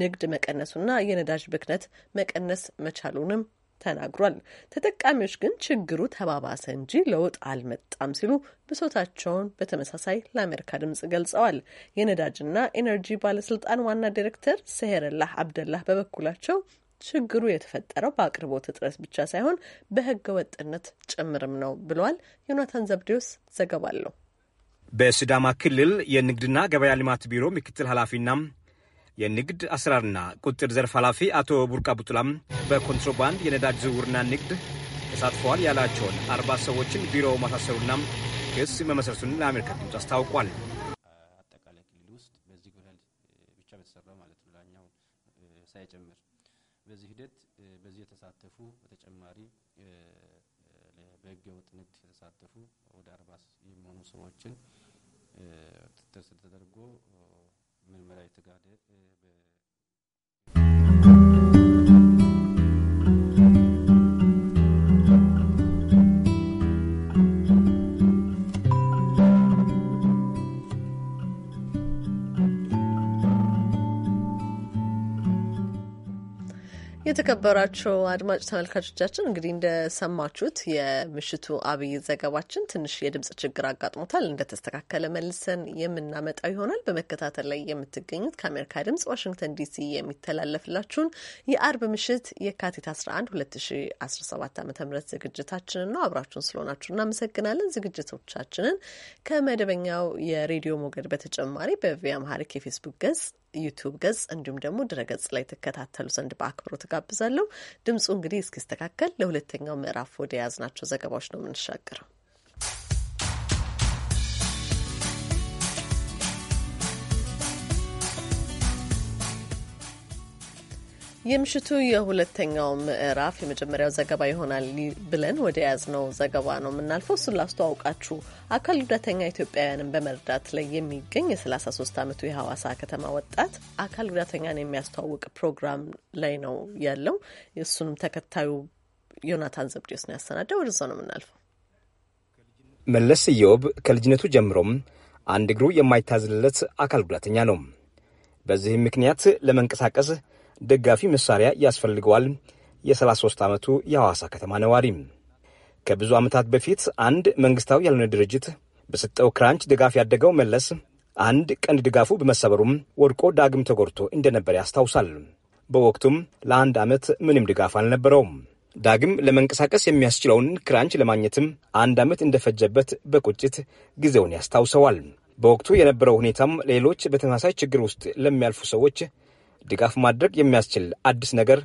ንግድ መቀነሱና የነዳጅ ብክነት መቀነስ መቻሉንም ተናግሯል። ተጠቃሚዎች ግን ችግሩ ተባባሰ እንጂ ለውጥ አልመጣም ሲሉ ብሶታቸውን በተመሳሳይ ለአሜሪካ ድምጽ ገልጸዋል። የነዳጅና ኤነርጂ ባለስልጣን ዋና ዲሬክተር ሰሄረላህ አብደላህ በበኩላቸው ችግሩ የተፈጠረው በአቅርቦት እጥረት ብቻ ሳይሆን በህገ ወጥነት ጭምርም ነው ብሏል። ዮናታን ዘብዴዎስ ዘገባ አለው። በሲዳማ ክልል የንግድና ገበያ ልማት ቢሮ ምክትል ኃላፊና የንግድ አሰራርና ቁጥር ዘርፍ ኃላፊ አቶ ቡርቃ ቡጡላም በኮንትሮባንድ የነዳጅ ዝውውርና ንግድ ተሳትፈዋል ያላቸውን አርባ ሰዎችን ቢሮ ማሳሰሩና ክስ መመሰረቱን ለአሜሪካ ድምፅ አስታውቋል። 什么车？የተከበራችሁ አድማጭ ተመልካቾቻችን እንግዲህ እንደሰማችሁት የምሽቱ አብይ ዘገባችን ትንሽ የድምጽ ችግር አጋጥሞታል። እንደተስተካከለ መልሰን የምናመጣው ይሆናል። በመከታተል ላይ የምትገኙት ከአሜሪካ ድምጽ ዋሽንግተን ዲሲ የሚተላለፍላችሁን የአርብ ምሽት የካቲት 11 2017 ዓ ም ዝግጅታችንን ነው። አብራችሁን ስለሆናችሁ እናመሰግናለን። ዝግጅቶቻችንን ከመደበኛው የሬዲዮ ሞገድ በተጨማሪ በቪያ ማሪክ የፌስቡክ ገጽ ዩቱብ ገጽ እንዲሁም ደግሞ ድረ ገጽ ላይ ትከታተሉ ዘንድ በአክብሮ ትጋብዛለሁ ድምፁ እንግዲህ እስኪስተካከል ለሁለተኛው ምዕራፍ ወደ ያዝናቸው ዘገባዎች ነው የምንሻገረው። የምሽቱ የሁለተኛው ምዕራፍ የመጀመሪያው ዘገባ ይሆናል ብለን ወደ ያዝነው ዘገባ ነው የምናልፈው። እሱን ላስተዋውቃችሁ። አካል ጉዳተኛ ኢትዮጵያውያንን በመርዳት ላይ የሚገኝ የ33 ዓመቱ የሐዋሳ ከተማ ወጣት አካል ጉዳተኛን የሚያስተዋውቅ ፕሮግራም ላይ ነው ያለው። እሱንም ተከታዩ ዮናታን ዘብዴዎስ ነው ያሰናደው። ወደዛ ነው የምናልፈው። መለስ ኢዮብ ከልጅነቱ ጀምሮም አንድ እግሩ የማይታዝለት አካል ጉዳተኛ ነው። በዚህም ምክንያት ለመንቀሳቀስ ደጋፊ መሳሪያ ያስፈልገዋል። የ33 ዓመቱ የሐዋሳ ከተማ ነዋሪ ከብዙ ዓመታት በፊት አንድ መንግሥታዊ ያልሆነ ድርጅት በሰጠው ክራንች ድጋፍ ያደገው መለስ አንድ ቀንድ ድጋፉ በመሰበሩም ወድቆ ዳግም ተጎድቶ እንደነበር ያስታውሳል። በወቅቱም ለአንድ ዓመት ምንም ድጋፍ አልነበረውም። ዳግም ለመንቀሳቀስ የሚያስችለውን ክራንች ለማግኘትም አንድ ዓመት እንደፈጀበት በቁጭት ጊዜውን ያስታውሰዋል። በወቅቱ የነበረው ሁኔታም ሌሎች በተመሳሳይ ችግር ውስጥ ለሚያልፉ ሰዎች ድጋፍ ማድረግ የሚያስችል አዲስ ነገር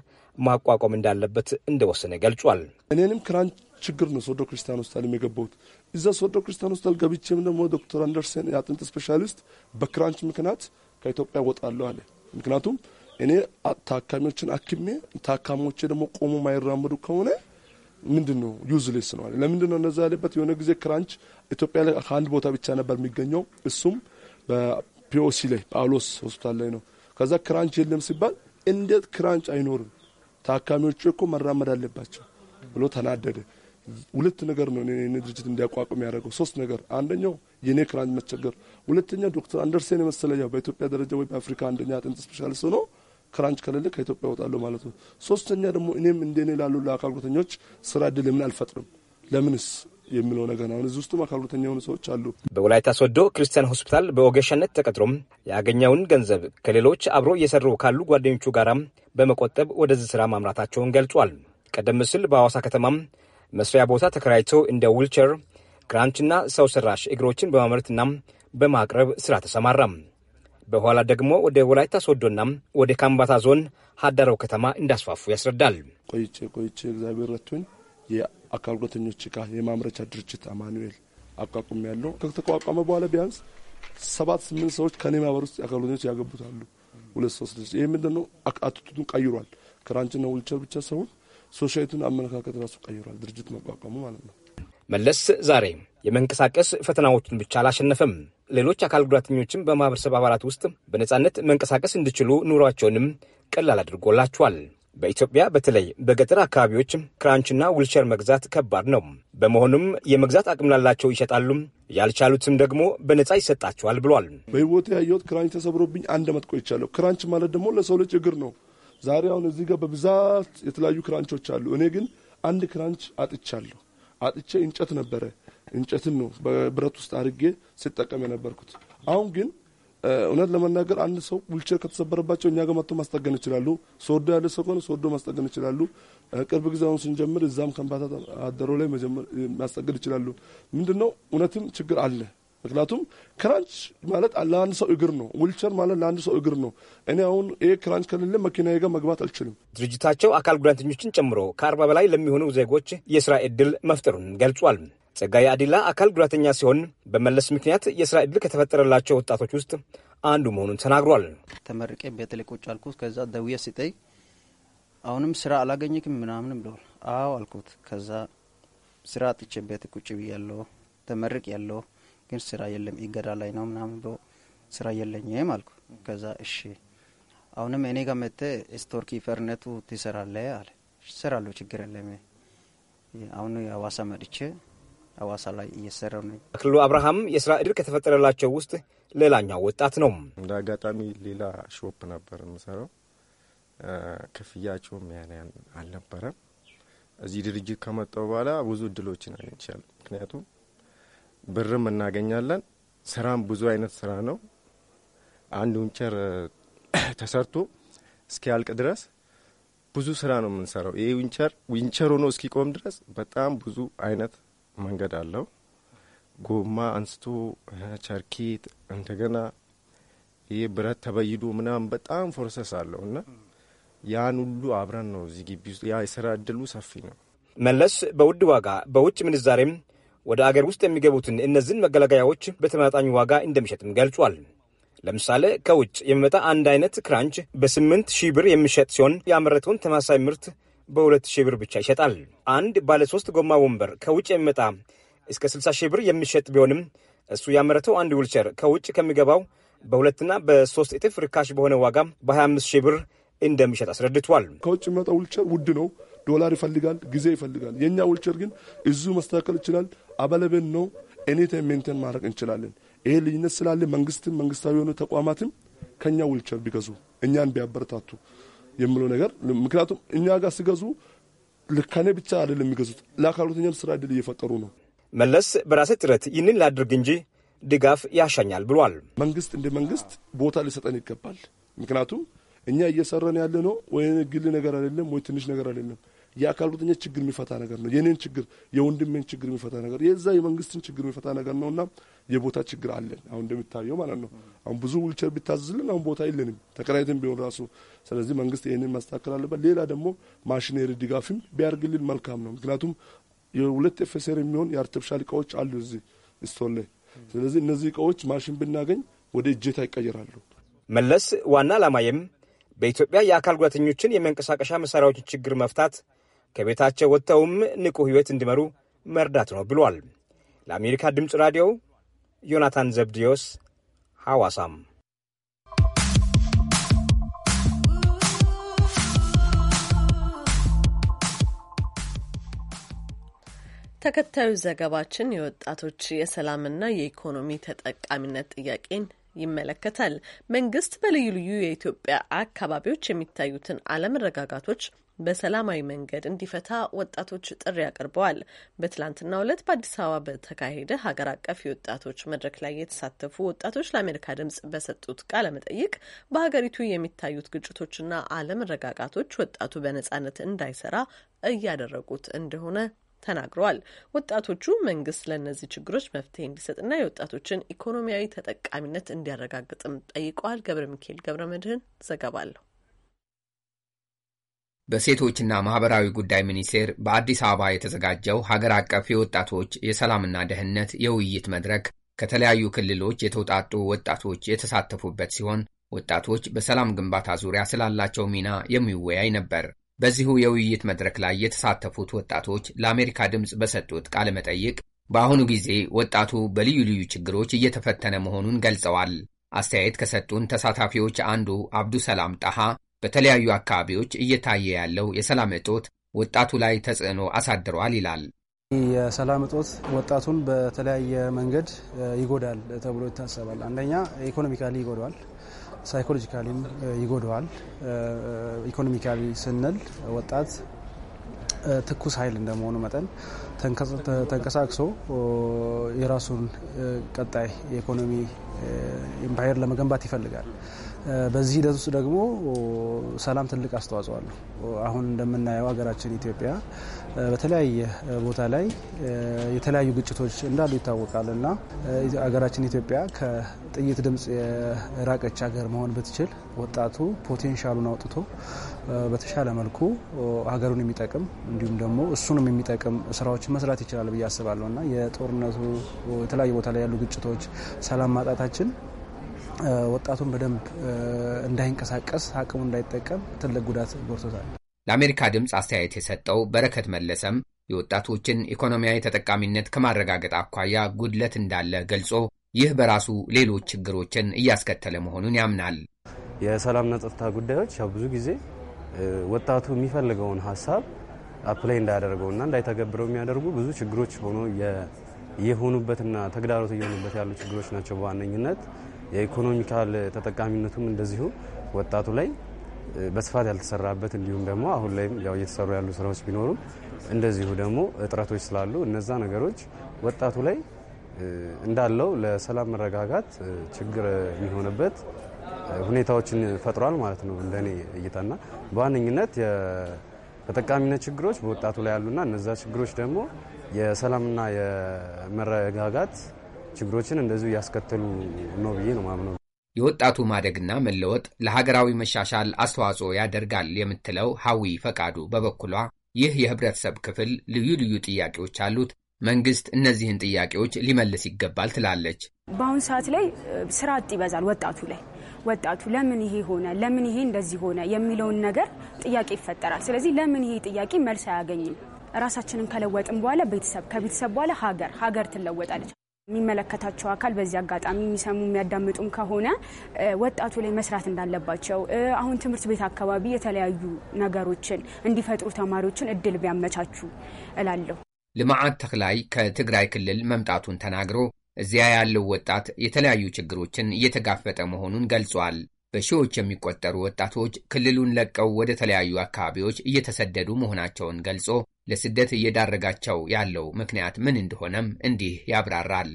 ማቋቋም እንዳለበት እንደወሰነ ገልጿል። እኔንም ክራንች ችግር ነው ሶዶ ክርስቲያን ሆስፒታል የገባሁት። እዛ ሶዶ ክርስቲያን ሆስፒታል ገብቼም ደግሞ ዶክተር አንደርሰን የአጥንት ስፔሻሊስት በክራንች ምክንያት ከኢትዮጵያ ወጣለሁ አለ። ምክንያቱም እኔ ታካሚዎችን አክሜ ታካሞቼ ደግሞ ቆሞ ማይራምዱ ከሆነ ምንድን ነው ዩዝሌስ ነው አለ። ለምንድን ነው እነዛ ያለበት? የሆነ ጊዜ ክራንች ኢትዮጵያ ላይ ከአንድ ቦታ ብቻ ነበር የሚገኘው፣ እሱም በፒኦሲ ላይ ጳውሎስ ሆስፒታል ላይ ነው። ከዛ ክራንች የለም ሲባል እንዴት ክራንች አይኖርም ታካሚዎቹ እኮ መራመድ አለባቸው ብሎ ተናደደ። ሁለት ነገር ነው እኔ ድርጅት እንዲያቋቁም ያደረገው ሶስት ነገር። አንደኛው የኔ ክራንች መቸገር፣ ሁለተኛ ዶክተር አንደርሴን የመሰለ ያው በኢትዮጵያ ደረጃ ወይ በአፍሪካ አንደኛ አጥንት ስፔሻሊስት ሆኖ ክራንች ከሌለ ከኢትዮጵያ ወጣለሁ ማለት ነው። ሶስተኛ ደግሞ እኔም እንደኔ ላሉ ለአካል ጉዳተኞች ስራ እድል ለምን አልፈጥርም? ለምንስ የሚለው ነገር ነው። እዚህ ውስጡም አካል ጉዳተኛ የሆኑ ሰዎች አሉ። በወላይታ ሶዶ ክርስቲያን ሆስፒታል በኦገሻነት ተቀጥሮም ያገኘውን ገንዘብ ከሌሎች አብሮ እየሰሩ ካሉ ጓደኞቹ ጋራ በመቆጠብ ወደዚህ ስራ ማምራታቸውን ገልጿል። ቀደም ሲል በሐዋሳ ከተማም መስሪያ ቦታ ተከራይቶ እንደ ዊልቸር ክራንችና ሰው ሰራሽ እግሮችን በማምረትና በማቅረብ ስራ ተሰማራ። በኋላ ደግሞ ወደ ወላይታ ሶዶና ወደ ካምባታ ዞን ሀዳረው ከተማ እንዳስፋፉ ያስረዳል። ቆይቼ ቆይቼ እግዚአብሔር ረቱኝ የአካል ጉዳተኞች ዕቃ የማምረቻ ድርጅት አማኑኤል አቋቁም ያለው ከተቋቋመ በኋላ ቢያንስ ሰባት ስምንት ሰዎች ከኔ ማህበር ውስጥ የአካል ጉዳተኞች ያገቡታሉ። ሁለት ሶስት ልጅ ይህ ምንድን ነው አቱቱን ቀይሯል። ክራንችና ውልቸር ብቻ ሳይሆን ሶሻይቱን አመለካከት ራሱ ቀይሯል። ድርጅት መቋቋሙ ማለት ነው። መለስ ዛሬ የመንቀሳቀስ ፈተናዎችን ብቻ አላሸነፈም። ሌሎች አካል ጉዳተኞችም በማህበረሰብ አባላት ውስጥ በነጻነት መንቀሳቀስ እንዲችሉ ኑሯቸውንም ቀላል አድርጎላቸዋል። በኢትዮጵያ በተለይ በገጠር አካባቢዎች ክራንችና ዊልቸር መግዛት ከባድ ነው። በመሆኑም የመግዛት አቅም ላላቸው ይሸጣሉ፣ ያልቻሉትም ደግሞ በነጻ ይሰጣቸዋል ብሏል። በህይወት ያየሁት ክራንች ተሰብሮብኝ አንድ ዓመት ቆይቻለሁ። ክራንች ማለት ደግሞ ለሰው ልጅ እግር ነው። ዛሬ አሁን እዚህ ጋር በብዛት የተለያዩ ክራንቾች አሉ። እኔ ግን አንድ ክራንች አጥቻለሁ። አጥቼ እንጨት ነበረ። እንጨትን ነው በብረት ውስጥ አድርጌ ስጠቀም የነበርኩት። አሁን ግን እውነት ለመናገር አንድ ሰው ውልቸር ከተሰበረባቸው እኛ ጋር መጥቶ ማስጠገን ይችላሉ። ሶዶ ያለ ሰው ከሆነ ሶዶ ማስጠገን ይችላሉ። ቅርብ ጊዜ አሁን ስንጀምር እዛም ከንባታ አደሮ ላይ ማስጠገን ይችላሉ። ምንድነው እውነትም ችግር አለ። ምክንያቱም ክራንች ማለት ለአንድ ሰው እግር ነው። ዊልቸር ማለት ለአንድ ሰው እግር ነው። እኔ አሁን ይህ ክራንች ከሌለ መኪና ጋር መግባት አልችልም። ድርጅታቸው አካል ጉዳተኞችን ጨምሮ ከአርባ በላይ ለሚሆኑ ዜጎች የስራ እድል መፍጠሩን ገልጿል። ጸጋዬ አዲላ አካል ጉዳተኛ ሲሆን በመለስ ምክንያት የስራ እድል ከተፈጠረላቸው ወጣቶች ውስጥ አንዱ መሆኑን ተናግሯል። ተመርቄ ቤት ቁጭ አልኩት። ከዛ ደውዬ ሲጠይ አሁንም ስራ አላገኘክም ምናምን ብለዋል። አዎ አልኩት። ከዛ ስራ አጥቼ ቤት ቁጭ ብያለሁ። ተመርቅ ያለሁ ግን ስራ የለም ይገዳ ላይ ነው ምናምን ብሎ ስራ የለኝም አልኩ። ከዛ እሺ አሁንም እኔ ጋር መጥተህ ስቶር ኪፐርነቱ ትሰራለ አለ። እሰራለሁ ችግር የለም። አሁን የአዋሳ መጥቼ አዋሳ ላይ እየሰራው ነው። አክልሉ አብርሃም የስራ እድል ከተፈጠረላቸው ውስጥ ሌላኛው ወጣት ነው። እንደ አጋጣሚ ሌላ ሾፕ ነበር የምሰራው። ክፍያቸውም ያን ያን አልነበረም። እዚህ ድርጅት ከመጣው በኋላ ብዙ እድሎችን አግኝቻለሁ። ምክንያቱም ብርም እናገኛለን፣ ስራም ብዙ አይነት ስራ ነው። አንድ ዊንቸር ተሰርቶ እስኪያልቅ ድረስ ብዙ ስራ ነው የምንሰራው። ይሄ ዊንቸር ዊንቸር ሆኖ እስኪቆም ድረስ በጣም ብዙ አይነት መንገድ አለው። ጎማ አንስቶ ቸርኬት እንደገና ይህ ብረት ተበይዶ ምናምን በጣም ፎርሰስ አለው እና ያን ሁሉ አብረን ነው እዚህ ግቢ ውስጥ ያ የስራ እድሉ ሰፊ ነው። መለስ በውድ ዋጋ በውጭ ምንዛሬም ወደ አገር ውስጥ የሚገቡትን እነዚህን መገለገያዎች በተመጣጣኝ ዋጋ እንደሚሸጥም ገልጿል። ለምሳሌ ከውጭ የሚመጣ አንድ አይነት ክራንች በስምንት ሺህ ብር የሚሸጥ ሲሆን ያመረተውን ተመሳሳይ ምርት በሁለት ሺህ ብር ብቻ ይሸጣል። አንድ ባለ ሶስት ጎማ ወንበር ከውጭ የሚመጣ እስከ 60 ሺህ ብር የሚሸጥ ቢሆንም እሱ ያመረተው አንድ ዊልቸር ከውጭ ከሚገባው በሁለትና በሶስት እጥፍ ርካሽ በሆነ ዋጋ በ25 ሺህ ብር እንደሚሸጥ አስረድቷል። ከውጭ የሚመጣ ዊልቸር ውድ ነው፣ ዶላር ይፈልጋል፣ ጊዜ ይፈልጋል። የእኛ ዊልቸር ግን እዙ መስተካከል ይችላል። አበለቤን ነው ኤኒታይም ሜንቴን ማድረግ እንችላለን። ይሄ ልዩነት ስላለ መንግስትም መንግስታዊ የሆኑ ተቋማትም ከእኛ ዊልቸር ቢገዙ እኛን ቢያበረታቱ የምለው ነገር ምክንያቱም እኛ ጋር ሲገዙ ልካኔ ብቻ አይደለም የሚገዙት ለአካሉተኛም ስራ እድል እየፈጠሩ ነው። መለስ በራሴ ጥረት ይህንን ላድርግ እንጂ ድጋፍ ያሻኛል ብሏል። መንግስት እንደ መንግስት ቦታ ሊሰጠን ይገባል። ምክንያቱም እኛ እየሰራን ያለ ነው ወይ ግል ነገር አይደለም ወይ ትንሽ ነገር አይደለም። የአካሉተኛ ችግር የሚፈታ ነገር ነው። የኔን ችግር፣ የወንድሜን ችግር የሚፈታ ነገር፣ የዛ የመንግስትን ችግር የሚፈታ ነገር ነው እና የቦታ ችግር አለን አሁን እንደሚታየው ማለት ነው። አሁን ብዙ ውልቸር ቢታዘዝልን አሁን ቦታ የለንም። ተከራይተን ቢሆን ራሱ ስለዚህ መንግስት ይህንን ማስተካከል አለበት። ሌላ ደግሞ ማሽነሪ ድጋፍም ቢያርግልን መልካም ነው። ምክንያቱም የሁለት ኤፌሴር የሚሆን የአርቲፊሻል እቃዎች አሉ እዚህ ስቶር ላይ። ስለዚህ እነዚህ እቃዎች ማሽን ብናገኝ ወደ እጀታ ይቀየራሉ። መለስ ዋና ዓላማዬም በኢትዮጵያ የአካል ጉዳተኞችን የመንቀሳቀሻ መሳሪያዎች ችግር መፍታት፣ ከቤታቸው ወጥተውም ንቁ ህይወት እንዲመሩ መርዳት ነው ብሏል። ለአሜሪካ ድምፅ ራዲዮ ዮናታን ዘብድዮስ ሐዋሳም ተከታዩ ዘገባችን የወጣቶች የሰላምና የኢኮኖሚ ተጠቃሚነት ጥያቄን ይመለከታል። መንግስት በልዩ ልዩ የኢትዮጵያ አካባቢዎች የሚታዩትን አለመረጋጋቶች በሰላማዊ መንገድ እንዲፈታ ወጣቶች ጥሪ አቅርበዋል። በትላንትናው ዕለት በአዲስ አበባ በተካሄደ ሀገር አቀፍ የወጣቶች መድረክ ላይ የተሳተፉ ወጣቶች ለአሜሪካ ድምጽ በሰጡት ቃለ መጠይቅ በሀገሪቱ የሚታዩት ግጭቶችና አለመረጋጋቶች ወጣቱ በነጻነት እንዳይሰራ እያደረጉት እንደሆነ ተናግረዋል። ወጣቶቹ መንግስት ለእነዚህ ችግሮች መፍትሄ እንዲሰጥና የወጣቶችን ኢኮኖሚያዊ ተጠቃሚነት እንዲያረጋግጥም ጠይቀዋል። ገብረ ሚካኤል ገብረ መድህን ዘገባ በሴቶችና ማህበራዊ ጉዳይ ሚኒስቴር በአዲስ አበባ የተዘጋጀው ሀገር አቀፍ የወጣቶች የሰላምና ደህንነት የውይይት መድረክ ከተለያዩ ክልሎች የተውጣጡ ወጣቶች የተሳተፉበት ሲሆን ወጣቶች በሰላም ግንባታ ዙሪያ ስላላቸው ሚና የሚወያይ ነበር። በዚሁ የውይይት መድረክ ላይ የተሳተፉት ወጣቶች ለአሜሪካ ድምፅ በሰጡት ቃለ መጠይቅ በአሁኑ ጊዜ ወጣቱ በልዩ ልዩ ችግሮች እየተፈተነ መሆኑን ገልጸዋል። አስተያየት ከሰጡን ተሳታፊዎች አንዱ አብዱ ሰላም ጣሃ በተለያዩ አካባቢዎች እየታየ ያለው የሰላም እጦት ወጣቱ ላይ ተጽዕኖ አሳድሯል ይላል። የሰላም እጦት ወጣቱን በተለያየ መንገድ ይጎዳል ተብሎ ይታሰባል። አንደኛ ኢኮኖሚካሊ ይጎዳዋል። ሳይኮሎጂካሊም ይጎደዋል። ኢኮኖሚካሊ ስንል ወጣት ትኩስ ኃይል እንደመሆኑ መጠን ተንቀሳቅሶ የራሱን ቀጣይ የኢኮኖሚ ኢምፓየር ለመገንባት ይፈልጋል። በዚህ ሂደት ውስጥ ደግሞ ሰላም ትልቅ አስተዋጽኦ አለው። አሁን እንደምናየው ሀገራችን ኢትዮጵያ በተለያየ ቦታ ላይ የተለያዩ ግጭቶች እንዳሉ ይታወቃል እና ሀገራችን ኢትዮጵያ ከጥይት ድምፅ የራቀች ሀገር መሆን ብትችል ወጣቱ ፖቴንሻሉን አውጥቶ በተሻለ መልኩ ሀገሩን የሚጠቅም እንዲሁም ደግሞ እሱንም የሚጠቅም ስራዎችን መስራት ይችላል ብዬ አስባለሁ እና የጦርነቱ የተለያዩ ቦታ ላይ ያሉ ግጭቶች፣ ሰላም ማጣታችን ወጣቱን በደንብ እንዳይንቀሳቀስ አቅሙ እንዳይጠቀም ትልቅ ጉዳት ጎርቶታል። ለአሜሪካ ድምፅ አስተያየት የሰጠው በረከት መለሰም የወጣቶችን ኢኮኖሚያዊ ተጠቃሚነት ከማረጋገጥ አኳያ ጉድለት እንዳለ ገልጾ ይህ በራሱ ሌሎች ችግሮችን እያስከተለ መሆኑን ያምናል። የሰላምና ጸጥታ ጉዳዮች ያው ብዙ ጊዜ ወጣቱ የሚፈልገውን ሀሳብ አፕላይ እንዳያደርገውና እንዳይተገብረው የሚያደርጉ ብዙ ችግሮች ሆኖ የሆኑበትና ተግዳሮት እየሆኑበት ያሉ ችግሮች ናቸው በዋነኝነት የኢኮኖሚካል ተጠቃሚነቱም እንደዚሁ ወጣቱ ላይ በስፋት ያልተሰራበት እንዲሁም ደግሞ አሁን ላይም ያው እየተሰሩ ያሉ ስራዎች ቢኖሩም እንደዚሁ ደግሞ እጥረቶች ስላሉ እነዛ ነገሮች ወጣቱ ላይ እንዳለው ለሰላም መረጋጋት ችግር የሚሆንበት ሁኔታዎችን ፈጥሯል ማለት ነው እንደኔ እይታና በዋነኝነት የተጠቃሚነት ችግሮች በወጣቱ ላይ ያሉና እነዛ ችግሮች ደግሞ የሰላምና የመረጋጋት ችግሮችን እንደዚሁ እያስከተሉ ነው ብዬ ነው ማምነው። የወጣቱ ማደግና መለወጥ ለሀገራዊ መሻሻል አስተዋጽኦ ያደርጋል የምትለው ሀዊ ፈቃዱ በበኩሏ ይህ የህብረተሰብ ክፍል ልዩ ልዩ ጥያቄዎች አሉት፣ መንግስት እነዚህን ጥያቄዎች ሊመልስ ይገባል ትላለች። በአሁኑ ሰዓት ላይ ስራ አጥ ይበዛል ወጣቱ ላይ ወጣቱ ለምን ይሄ ሆነ፣ ለምን ይሄ እንደዚህ ሆነ የሚለውን ነገር ጥያቄ ይፈጠራል። ስለዚህ ለምን ይሄ ጥያቄ መልስ አያገኝም? ራሳችንን ከለወጥን በኋላ ቤተሰብ፣ ከቤተሰብ በኋላ ሀገር፣ ሀገር ትለወጣለች። የሚመለከታቸው አካል በዚህ አጋጣሚ የሚሰሙ የሚያዳምጡም ከሆነ ወጣቱ ላይ መስራት እንዳለባቸው አሁን ትምህርት ቤት አካባቢ የተለያዩ ነገሮችን እንዲፈጥሩ ተማሪዎችን እድል ቢያመቻቹ እላለሁ። ልማዓት ተክላይ ከትግራይ ክልል መምጣቱን ተናግሮ እዚያ ያለው ወጣት የተለያዩ ችግሮችን እየተጋፈጠ መሆኑን ገልጿል። በሺዎች የሚቆጠሩ ወጣቶች ክልሉን ለቀው ወደ ተለያዩ አካባቢዎች እየተሰደዱ መሆናቸውን ገልጾ ለስደት እየዳረጋቸው ያለው ምክንያት ምን እንደሆነም እንዲህ ያብራራል።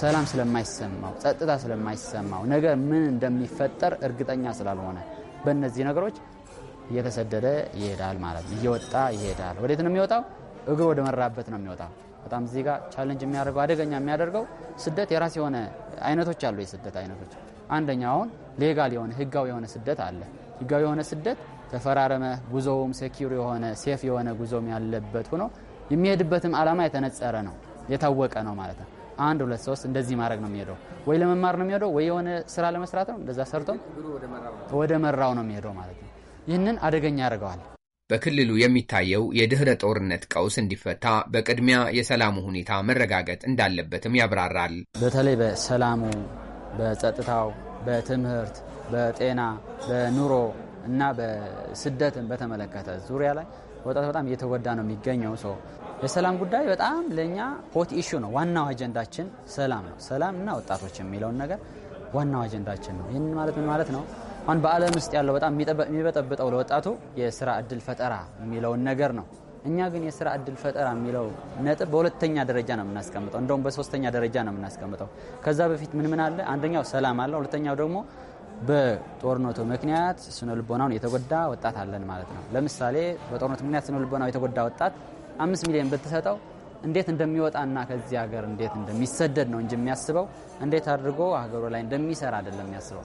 ሰላም ስለማይሰማው፣ ጸጥታ ስለማይሰማው፣ ነገ ምን እንደሚፈጠር እርግጠኛ ስላልሆነ በእነዚህ ነገሮች እየተሰደደ ይሄዳል ማለት ነው። እየወጣ ይሄዳል። ወዴት ነው የሚወጣው? እግር ወደ መራበት ነው የሚወጣው። በጣም እዚህ ጋር ቻለንጅ የሚያደርገው አደገኛ የሚያደርገው ስደት የራስ የሆነ አይነቶች አሉ። የስደት አይነቶች አንደኛው አሁን ሌጋል የሆነ ህጋዊ የሆነ ስደት አለ። ህጋዊ የሆነ ስደት ተፈራረመ፣ ጉዞውም ሴኪር የሆነ ሴፍ የሆነ ጉዞም ያለበት ሆኖ የሚሄድበትም ዓላማ የተነጸረ ነው የታወቀ ነው ማለት ነው። አንድ ሁለት ሶስት እንደዚህ ማድረግ ነው የሚሄደው። ወይ ለመማር ነው የሚሄደው፣ ወይ የሆነ ስራ ለመስራት ነው። እንደዛ ሰርቶ ወደ መራው ነው የሚሄደው ማለት ነው። ይህንን አደገኛ ያደርገዋል። በክልሉ የሚታየው የድህረ ጦርነት ቀውስ እንዲፈታ በቅድሚያ የሰላሙ ሁኔታ መረጋገጥ እንዳለበትም ያብራራል። በተለይ በሰላሙ በጸጥታው በትምህርት፣ በጤና፣ በኑሮ እና በስደትን በተመለከተ ዙሪያ ላይ ወጣት በጣም እየተጎዳ ነው የሚገኘው። ሰው የሰላም ጉዳይ በጣም ለእኛ ሆት ኢሹ ነው። ዋናው አጀንዳችን ሰላም ነው። ሰላም እና ወጣቶች የሚለውን ነገር ዋናው አጀንዳችን ነው። ይህን ማለት ምን ማለት ነው? አሁን በዓለም ውስጥ ያለው በጣም የሚበጠብጠው ለወጣቱ የስራ እድል ፈጠራ የሚለውን ነገር ነው። እኛ ግን የስራ እድል ፈጠራ የሚለው ነጥብ በሁለተኛ ደረጃ ነው የምናስቀምጠው፣ እንደውም በሶስተኛ ደረጃ ነው የምናስቀምጠው። ከዛ በፊት ምን ምን አለ? አንደኛው ሰላም አለ። ሁለተኛው ደግሞ በጦርነቱ ምክንያት ስነ ልቦናውን የተጎዳ ወጣት አለን ማለት ነው። ለምሳሌ በጦርነቱ ምክንያት ስነ ልቦናው የተጎዳ ወጣት አምስት ሚሊዮን ብትሰጠው እንዴት እንደሚወጣና ከዚህ ሀገር እንዴት እንደሚሰደድ ነው እንጂ የሚያስበው እንዴት አድርጎ ሀገሩ ላይ እንደሚሰራ አይደለም የሚያስበው።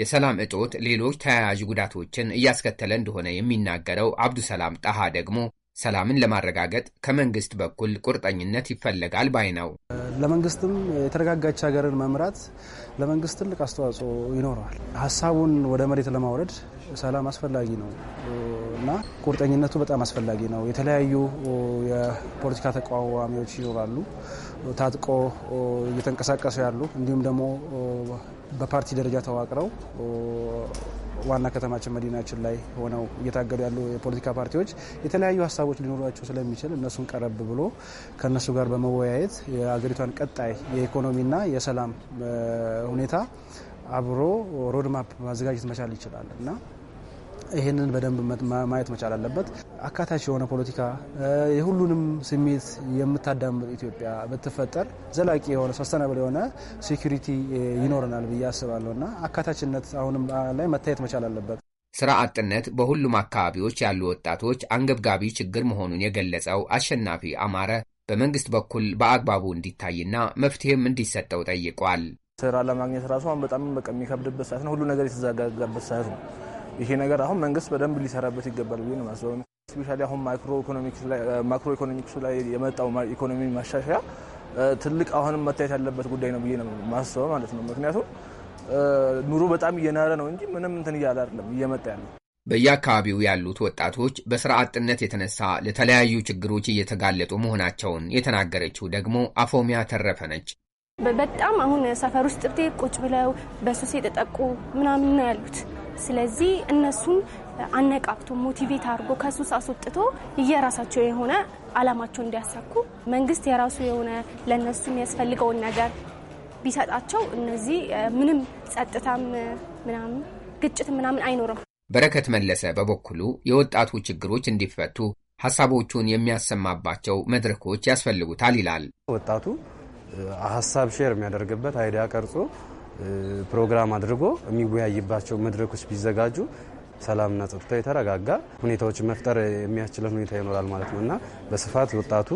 የሰላም እጦት ሌሎች ተያያዥ ጉዳቶችን እያስከተለ እንደሆነ የሚናገረው አብዱሰላም ጣሃ ደግሞ ሰላምን ለማረጋገጥ ከመንግስት በኩል ቁርጠኝነት ይፈለጋል ባይ ነው። ለመንግስትም የተረጋጋች ሀገርን መምራት ለመንግስት ትልቅ አስተዋጽኦ ይኖረዋል። ሀሳቡን ወደ መሬት ለማውረድ ሰላም አስፈላጊ ነው እና ቁርጠኝነቱ በጣም አስፈላጊ ነው። የተለያዩ የፖለቲካ ተቃዋሚዎች ይኖራሉ፣ ታጥቆ እየተንቀሳቀሱ ያሉ እንዲሁም ደግሞ በፓርቲ ደረጃ ተዋቅረው ዋና ከተማችን መዲናችን ላይ ሆነው እየታገዱ ያሉ የፖለቲካ ፓርቲዎች የተለያዩ ሀሳቦች ሊኖሯቸው ስለሚችል እነሱን ቀረብ ብሎ ከእነሱ ጋር በመወያየት የአገሪቷን ቀጣይ የኢኮኖሚና የሰላም ሁኔታ አብሮ ሮድማፕ ማዘጋጀት መቻል ይችላል እና ይህንን በደንብ ማየት መቻል አለበት። አካታች የሆነ ፖለቲካ የሁሉንም ስሜት የምታዳምጥ ኢትዮጵያ ብትፈጠር ዘላቂ የሆነ ሰስተናብል የሆነ ሴኩሪቲ ይኖረናል ብዬ አስባለሁ እና አካታችነት አሁንም ላይ መታየት መቻል አለበት። ስራ አጥነት በሁሉም አካባቢዎች ያሉ ወጣቶች አንገብጋቢ ችግር መሆኑን የገለጸው አሸናፊ አማረ በመንግስት በኩል በአግባቡ እንዲታይና መፍትሄም እንዲሰጠው ጠይቋል። ስራ ለማግኘት ራሱ አሁን በጣም በቃ የሚከብድበት ሰዓት ነው። ሁሉ ነገር የተዘጋጋበት ሰዓት ነው። ይሄ ነገር አሁን መንግስት በደንብ ሊሰራበት ይገባል ብዬ ነው ማስበው። ስፔሻሊ አሁን ማክሮ ኢኮኖሚክሱ ላይ የመጣው ኢኮኖሚ ማሻሻያ ትልቅ አሁንም መታየት ያለበት ጉዳይ ነው ብዬ ነው ማስበው ማለት ነው። ምክንያቱም ኑሮ በጣም እየናረ ነው እንጂ ምንም እንትን እያለ አይደለም እየመጣ ያለው። በየአካባቢው ያሉት ወጣቶች በስራ አጥነት የተነሳ ለተለያዩ ችግሮች እየተጋለጡ መሆናቸውን የተናገረችው ደግሞ አፎሚያ ተረፈ ነች። በጣም አሁን ሰፈር ውስጥ ቁጭ ብለው በሱስ የተጠቁ ምናምን ነው ያሉት ስለዚህ እነሱን አነቃቅቶ ሞቲቬት አድርጎ ከሱስ አስወጥቶ እየራሳቸው የሆነ አላማቸው እንዲያሳኩ መንግስት የራሱ የሆነ ለእነሱ የሚያስፈልገውን ነገር ቢሰጣቸው እነዚህ ምንም ጸጥታም ምናምን ግጭት ምናምን አይኖርም። በረከት መለሰ በበኩሉ የወጣቱ ችግሮች እንዲፈቱ ሀሳቦቹን የሚያሰማባቸው መድረኮች ያስፈልጉታል ይላል። ወጣቱ ሀሳብ ሼር የሚያደርግበት አይዲያ ቀርጾ ፕሮግራም አድርጎ የሚወያይባቸው መድረኮች ቢዘጋጁ ሰላምና ጸጥታ የተረጋጋ ሁኔታዎች መፍጠር የሚያስችለን ሁኔታ ይኖራል ማለት ነው እና በስፋት ወጣቱ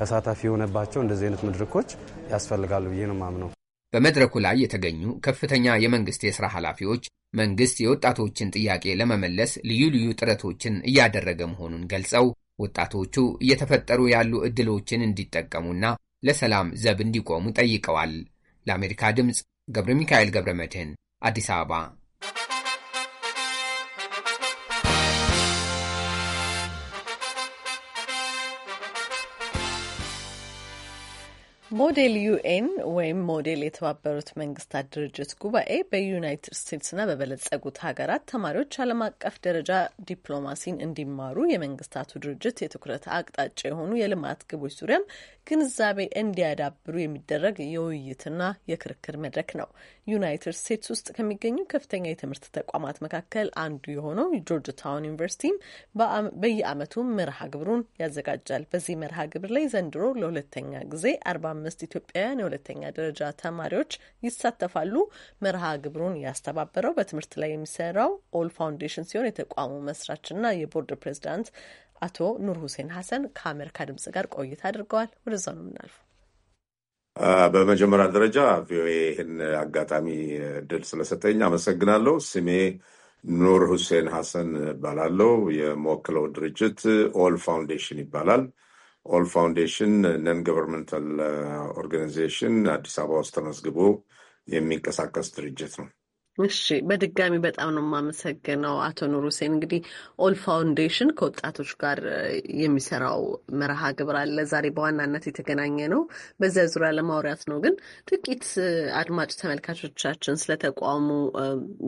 ተሳታፊ የሆነባቸው እንደዚህ አይነት መድረኮች ያስፈልጋሉ ብዬ ነው ማምነው። በመድረኩ ላይ የተገኙ ከፍተኛ የመንግስት የስራ ኃላፊዎች መንግስት የወጣቶችን ጥያቄ ለመመለስ ልዩ ልዩ ጥረቶችን እያደረገ መሆኑን ገልጸው ወጣቶቹ እየተፈጠሩ ያሉ እድሎችን እንዲጠቀሙና ለሰላም ዘብ እንዲቆሙ ጠይቀዋል። ለአሜሪካ ድምፅ ገብረ ሚካኤል ገብረ መድህን አዲስ አበባ ሞዴል ዩኤን ወይም ሞዴል የተባበሩት መንግስታት ድርጅት ጉባኤ በዩናይትድ ስቴትስና በበለጸጉት ሀገራት ተማሪዎች ዓለም አቀፍ ደረጃ ዲፕሎማሲን እንዲማሩ የመንግስታቱ ድርጅት የትኩረት አቅጣጫ የሆኑ የልማት ግቦች ዙሪያም ግንዛቤ እንዲያዳብሩ የሚደረግ የውይይትና የክርክር መድረክ ነው። ዩናይትድ ስቴትስ ውስጥ ከሚገኙ ከፍተኛ የትምህርት ተቋማት መካከል አንዱ የሆነው ጆርጅ ታውን ዩኒቨርሲቲም በየዓመቱ መርሃ ግብሩን ያዘጋጃል። በዚህ መርሃ ግብር ላይ ዘንድሮ ለሁለተኛ ጊዜ አርባ አምስት ኢትዮጵያውያን የሁለተኛ ደረጃ ተማሪዎች ይሳተፋሉ። መርሃ ግብሩን ያስተባበረው በትምህርት ላይ የሚሰራው ኦል ፋውንዴሽን ሲሆን የተቋሙ መስራችና የቦርድ ፕሬዚዳንት አቶ ኑር ሁሴን ሀሰን ከአሜሪካ ድምጽ ጋር ቆይታ አድርገዋል። ወደዛ ነው የምናልፈው። በመጀመሪያ ደረጃ ቪኦኤ ይህን አጋጣሚ እድል ስለሰጠኝ አመሰግናለሁ። ስሜ ኑር ሁሴን ሀሰን እባላለሁ። የመወክለው ድርጅት ኦል ፋውንዴሽን ይባላል። ኦል ፋውንዴሽን ነን ገቨርንመንታል ኦርጋናይዜሽን አዲስ አበባ ውስጥ ተመዝግቦ የሚንቀሳቀስ ድርጅት ነው። እሺ በድጋሚ በጣም ነው የማመሰግነው አቶ ኑር ሁሴን። እንግዲህ ኦል ፋውንዴሽን ከወጣቶች ጋር የሚሰራው መርሃ ግብር አለ። ዛሬ በዋናነት የተገናኘ ነው በዚያ ዙሪያ ለማውሪያት ነው። ግን ጥቂት አድማጭ ተመልካቾቻችን ስለ ተቋሙ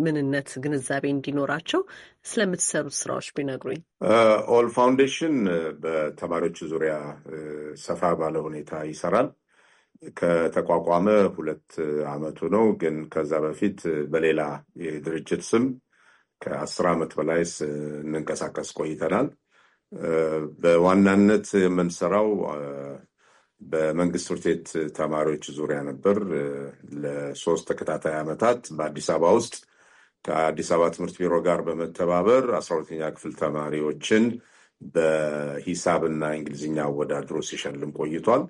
ምንነት ግንዛቤ እንዲኖራቸው ስለምትሰሩት ስራዎች ቢነግሩኝ። ኦል ፋውንዴሽን በተማሪዎች ዙሪያ ሰፋ ባለ ሁኔታ ይሰራል። ከተቋቋመ ሁለት ዓመቱ ነው። ግን ከዛ በፊት በሌላ የድርጅት ስም ከአስር ዓመት በላይ እንንቀሳቀስ ቆይተናል። በዋናነት የምንሰራው በመንግስት ትምህርት ቤት ተማሪዎች ዙሪያ ነበር። ለሶስት ተከታታይ ዓመታት በአዲስ አበባ ውስጥ ከአዲስ አበባ ትምህርት ቢሮ ጋር በመተባበር አስራ ሁለተኛ ክፍል ተማሪዎችን በሂሳብና እንግሊዝኛ አወዳድሮ ሲሸልም ቆይቷል።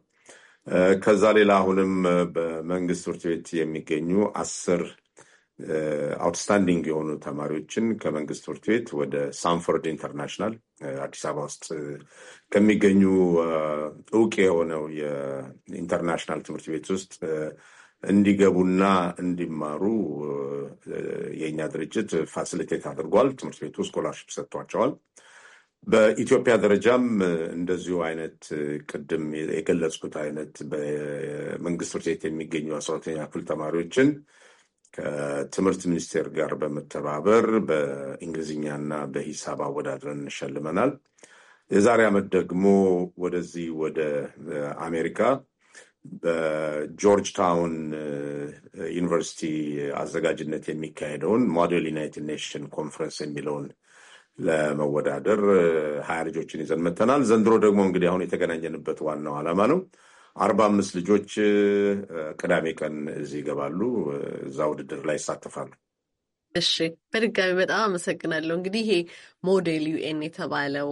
ከዛ ሌላ አሁንም በመንግስት ትምህርት ቤት የሚገኙ አስር አውትስታንዲንግ የሆኑ ተማሪዎችን ከመንግስት ትምህርት ቤት ወደ ሳንፎርድ ኢንተርናሽናል አዲስ አበባ ውስጥ ከሚገኙ እውቅ የሆነው የኢንተርናሽናል ትምህርት ቤት ውስጥ እንዲገቡና እንዲማሩ የእኛ ድርጅት ፋሲሊቴት አድርጓል። ትምህርት ቤቱ ስኮላርሽፕ ሰጥቷቸዋል። በኢትዮጵያ ደረጃም እንደዚሁ አይነት ቅድም የገለጽኩት አይነት በመንግስት ትምህርት ቤት የሚገኙ አስራ ሁለተኛ ክፍል ተማሪዎችን ከትምህርት ሚኒስቴር ጋር በመተባበር በእንግሊዝኛና በሂሳብ አወዳድረን እንሸልመናል። የዛሬ ዓመት ደግሞ ወደዚህ ወደ አሜሪካ በጆርጅ ታውን ዩኒቨርሲቲ አዘጋጅነት የሚካሄደውን ሞዴል ዩናይትድ ኔሽን ኮንፈረንስ የሚለውን ለመወዳደር ሀያ ልጆችን ይዘን መተናል። ዘንድሮ ደግሞ እንግዲህ አሁን የተገናኘንበት ዋናው ዓላማ ነው። አርባ አምስት ልጆች ቅዳሜ ቀን እዚህ ይገባሉ፣ እዛ ውድድር ላይ ይሳተፋሉ። እሺ በድጋሚ በጣም አመሰግናለሁ። እንግዲህ ይሄ ሞዴል ዩኤን የተባለው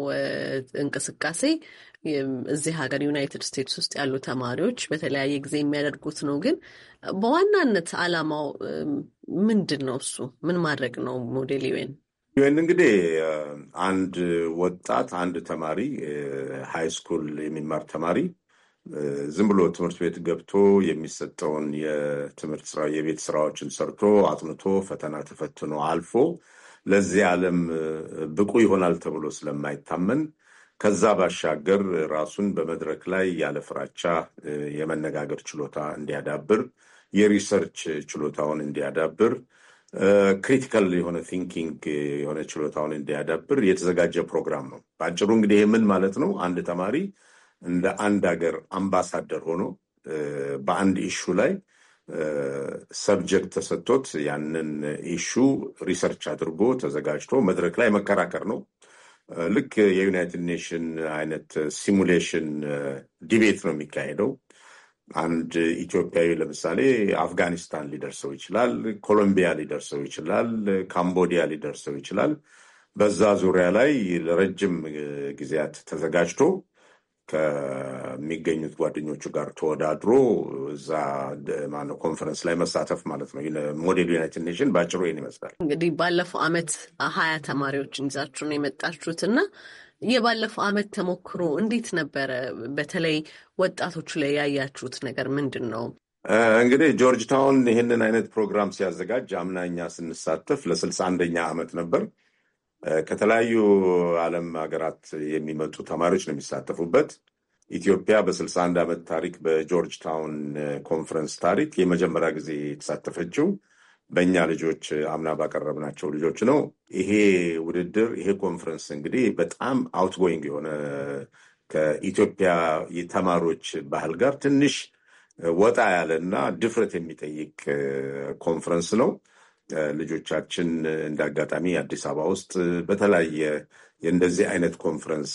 እንቅስቃሴ እዚህ ሀገር ዩናይትድ ስቴትስ ውስጥ ያሉ ተማሪዎች በተለያየ ጊዜ የሚያደርጉት ነው። ግን በዋናነት አላማው ምንድን ነው? እሱ ምን ማድረግ ነው ሞዴል ዩኤን? ይህን እንግዲህ አንድ ወጣት አንድ ተማሪ ሃይ ስኩል የሚማር ተማሪ ዝም ብሎ ትምህርት ቤት ገብቶ የሚሰጠውን የትምህርት ስራ የቤት ስራዎችን ሰርቶ አጥንቶ ፈተና ተፈትኖ አልፎ ለዚህ ዓለም ብቁ ይሆናል ተብሎ ስለማይታመን ከዛ ባሻገር ራሱን በመድረክ ላይ ያለ ፍራቻ የመነጋገር ችሎታ እንዲያዳብር፣ የሪሰርች ችሎታውን እንዲያዳብር ክሪቲካል የሆነ ቲንኪንግ የሆነ ችሎታውን እንዲያዳብር የተዘጋጀ ፕሮግራም ነው። በአጭሩ እንግዲህ ይህ ምን ማለት ነው? አንድ ተማሪ እንደ አንድ ሀገር አምባሳደር ሆኖ በአንድ ኢሹ ላይ ሰብጀክት ተሰጥቶት ያንን ኢሹ ሪሰርች አድርጎ ተዘጋጅቶ መድረክ ላይ መከራከር ነው። ልክ የዩናይትድ ኔሽን አይነት ሲሙሌሽን ዲቤት ነው የሚካሄደው። አንድ ኢትዮጵያዊ ለምሳሌ አፍጋኒስታን ሊደርሰው ይችላል፣ ኮሎምቢያ ሊደርሰው ይችላል፣ ካምቦዲያ ሊደርሰው ይችላል። በዛ ዙሪያ ላይ ለረጅም ጊዜያት ተዘጋጅቶ ከሚገኙት ጓደኞቹ ጋር ተወዳድሮ እዛ ማነው ኮንፈረንስ ላይ መሳተፍ ማለት ነው። ሞዴል ዩናይትድ ኔሽን በአጭሩ ይህን ይመስላል። እንግዲህ ባለፈው ዓመት ሀያ ተማሪዎችን ይዛችሁ ነው የመጣችሁት እና የባለፈው አመት ተሞክሮ እንዴት ነበረ? በተለይ ወጣቶቹ ላይ ያያችሁት ነገር ምንድን ነው? እንግዲህ ጆርጅ ታውን ይህንን አይነት ፕሮግራም ሲያዘጋጅ አምናኛ ስንሳተፍ ለስልሳ አንደኛ አመት ነበር። ከተለያዩ ዓለም ሀገራት የሚመጡ ተማሪዎች ነው የሚሳተፉበት። ኢትዮጵያ በስልሳ አንድ ዓመት ታሪክ በጆርጅ ታውን ኮንፈረንስ ታሪክ የመጀመሪያ ጊዜ የተሳተፈችው በእኛ ልጆች አምና ባቀረብናቸው ልጆች ነው። ይሄ ውድድር ይሄ ኮንፈረንስ እንግዲህ በጣም አውትጎይንግ የሆነ ከኢትዮጵያ የተማሪዎች ባህል ጋር ትንሽ ወጣ ያለ እና ድፍረት የሚጠይቅ ኮንፈረንስ ነው። ልጆቻችን እንደ አጋጣሚ አዲስ አበባ ውስጥ በተለያየ የእንደዚህ አይነት ኮንፈረንስ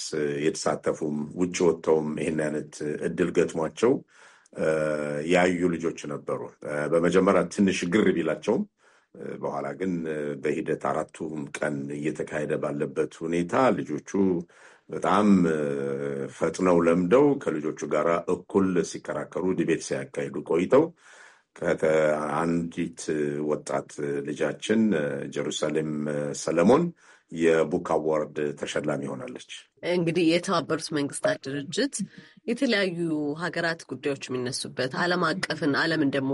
የተሳተፉም ውጭ ወጥተውም ይህን አይነት እድል ገጥሟቸው ያዩ ልጆች ነበሩ። በመጀመሪያ ትንሽ ግር ቢላቸውም በኋላ ግን በሂደት አራቱም ቀን እየተካሄደ ባለበት ሁኔታ ልጆቹ በጣም ፈጥነው ለምደው ከልጆቹ ጋር እኩል ሲከራከሩ ዲቤት ሲያካሂዱ ቆይተው አንዲት ወጣት ልጃችን ጀሩሳሌም ሰለሞን የቡክ አዋርድ ተሸላሚ ሆናለች። እንግዲህ የተባበሩት መንግስታት ድርጅት የተለያዩ ሀገራት ጉዳዮች የሚነሱበት ዓለም አቀፍን ዓለምን ደግሞ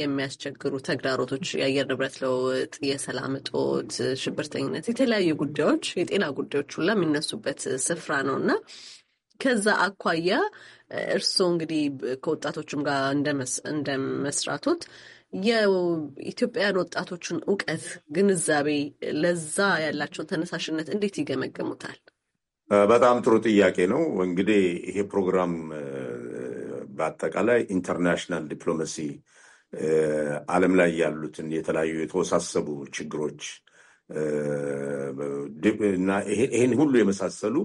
የሚያስቸግሩ ተግዳሮቶች የአየር ንብረት ለውጥ፣ የሰላም እጦት፣ ሽብርተኝነት፣ የተለያዩ ጉዳዮች የጤና ጉዳዮች ሁላ የሚነሱበት ስፍራ ነው እና ከዛ አኳያ እርስዎ እንግዲህ ከወጣቶችም ጋር እንደመስራቶት የኢትዮጵያውያን ወጣቶችን እውቀት፣ ግንዛቤ ለዛ ያላቸውን ተነሳሽነት እንዴት ይገመገሙታል? በጣም ጥሩ ጥያቄ ነው። እንግዲህ ይሄ ፕሮግራም በአጠቃላይ ኢንተርናሽናል ዲፕሎማሲ ዓለም ላይ ያሉትን የተለያዩ የተወሳሰቡ ችግሮች እና ይህን ሁሉ የመሳሰሉ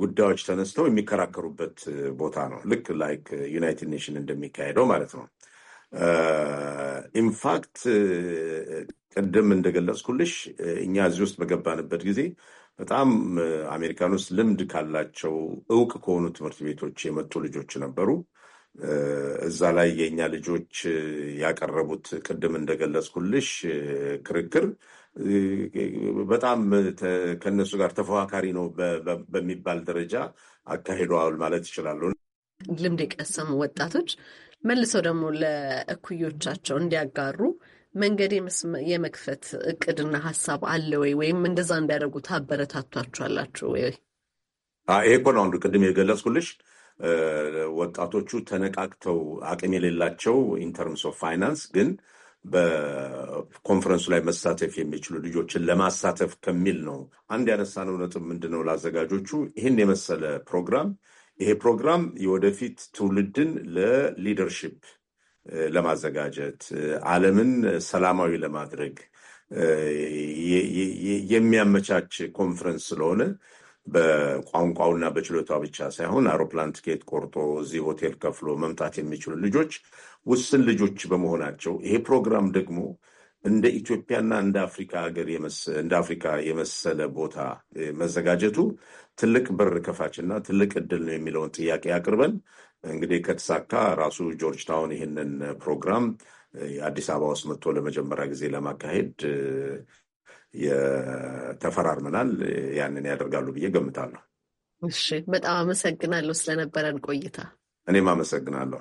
ጉዳዮች ተነስተው የሚከራከሩበት ቦታ ነው። ልክ ላይክ ዩናይትድ ኔሽን እንደሚካሄደው ማለት ነው። ኢንፋክት ቅድም እንደገለጽኩልሽ እኛ እዚህ ውስጥ በገባንበት ጊዜ በጣም አሜሪካን ውስጥ ልምድ ካላቸው እውቅ ከሆኑ ትምህርት ቤቶች የመጡ ልጆች ነበሩ። እዛ ላይ የእኛ ልጆች ያቀረቡት ቅድም እንደገለጽኩልሽ ክርክር በጣም ከእነሱ ጋር ተፎካካሪ ነው በሚባል ደረጃ አካሂደዋል ማለት ይችላሉ። ልምድ የቀሰሙ ወጣቶች መልሰው ደግሞ ለእኩዮቻቸው እንዲያጋሩ መንገድ የመክፈት እቅድና ሀሳብ አለ ወይ? ወይም እንደዛ እንዲያደርጉ ታበረታቷችኋላችሁ ወይ? ይሄ እኮ ነው አንዱ ቅድም የገለጽኩልሽ ወጣቶቹ ተነቃቅተው አቅም የሌላቸው ኢንተርምስ ኦፍ ፋይናንስ ግን በኮንፈረንሱ ላይ መሳተፍ የሚችሉ ልጆችን ለማሳተፍ ከሚል ነው። አንድ ያነሳነው ነጥብ ምንድነው? ለአዘጋጆቹ ይህን የመሰለ ፕሮግራም ይሄ ፕሮግራም የወደፊት ትውልድን ለሊደርሺፕ ለማዘጋጀት ዓለምን ሰላማዊ ለማድረግ የሚያመቻች ኮንፈረንስ ስለሆነ በቋንቋውና በችሎታ ብቻ ሳይሆን አውሮፕላን ትኬት ቆርጦ እዚህ ሆቴል ከፍሎ መምጣት የሚችሉ ልጆች ውስን ልጆች በመሆናቸው ይሄ ፕሮግራም ደግሞ እንደ ኢትዮጵያና እንደ አፍሪካ ሀገር እንደ አፍሪካ የመሰለ ቦታ መዘጋጀቱ ትልቅ በር ከፋችና ትልቅ እድል ነው የሚለውን ጥያቄ አቅርበን እንግዲህ ከተሳካ ራሱ ጆርጅ ታውን ይህንን ፕሮግራም አዲስ አበባ ውስጥ መጥቶ ለመጀመሪያ ጊዜ ለማካሄድ ተፈራርመናል። ያንን ያደርጋሉ ብዬ ገምታለሁ። እሺ፣ በጣም አመሰግናለሁ ስለነበረን ቆይታ። እኔም አመሰግናለሁ።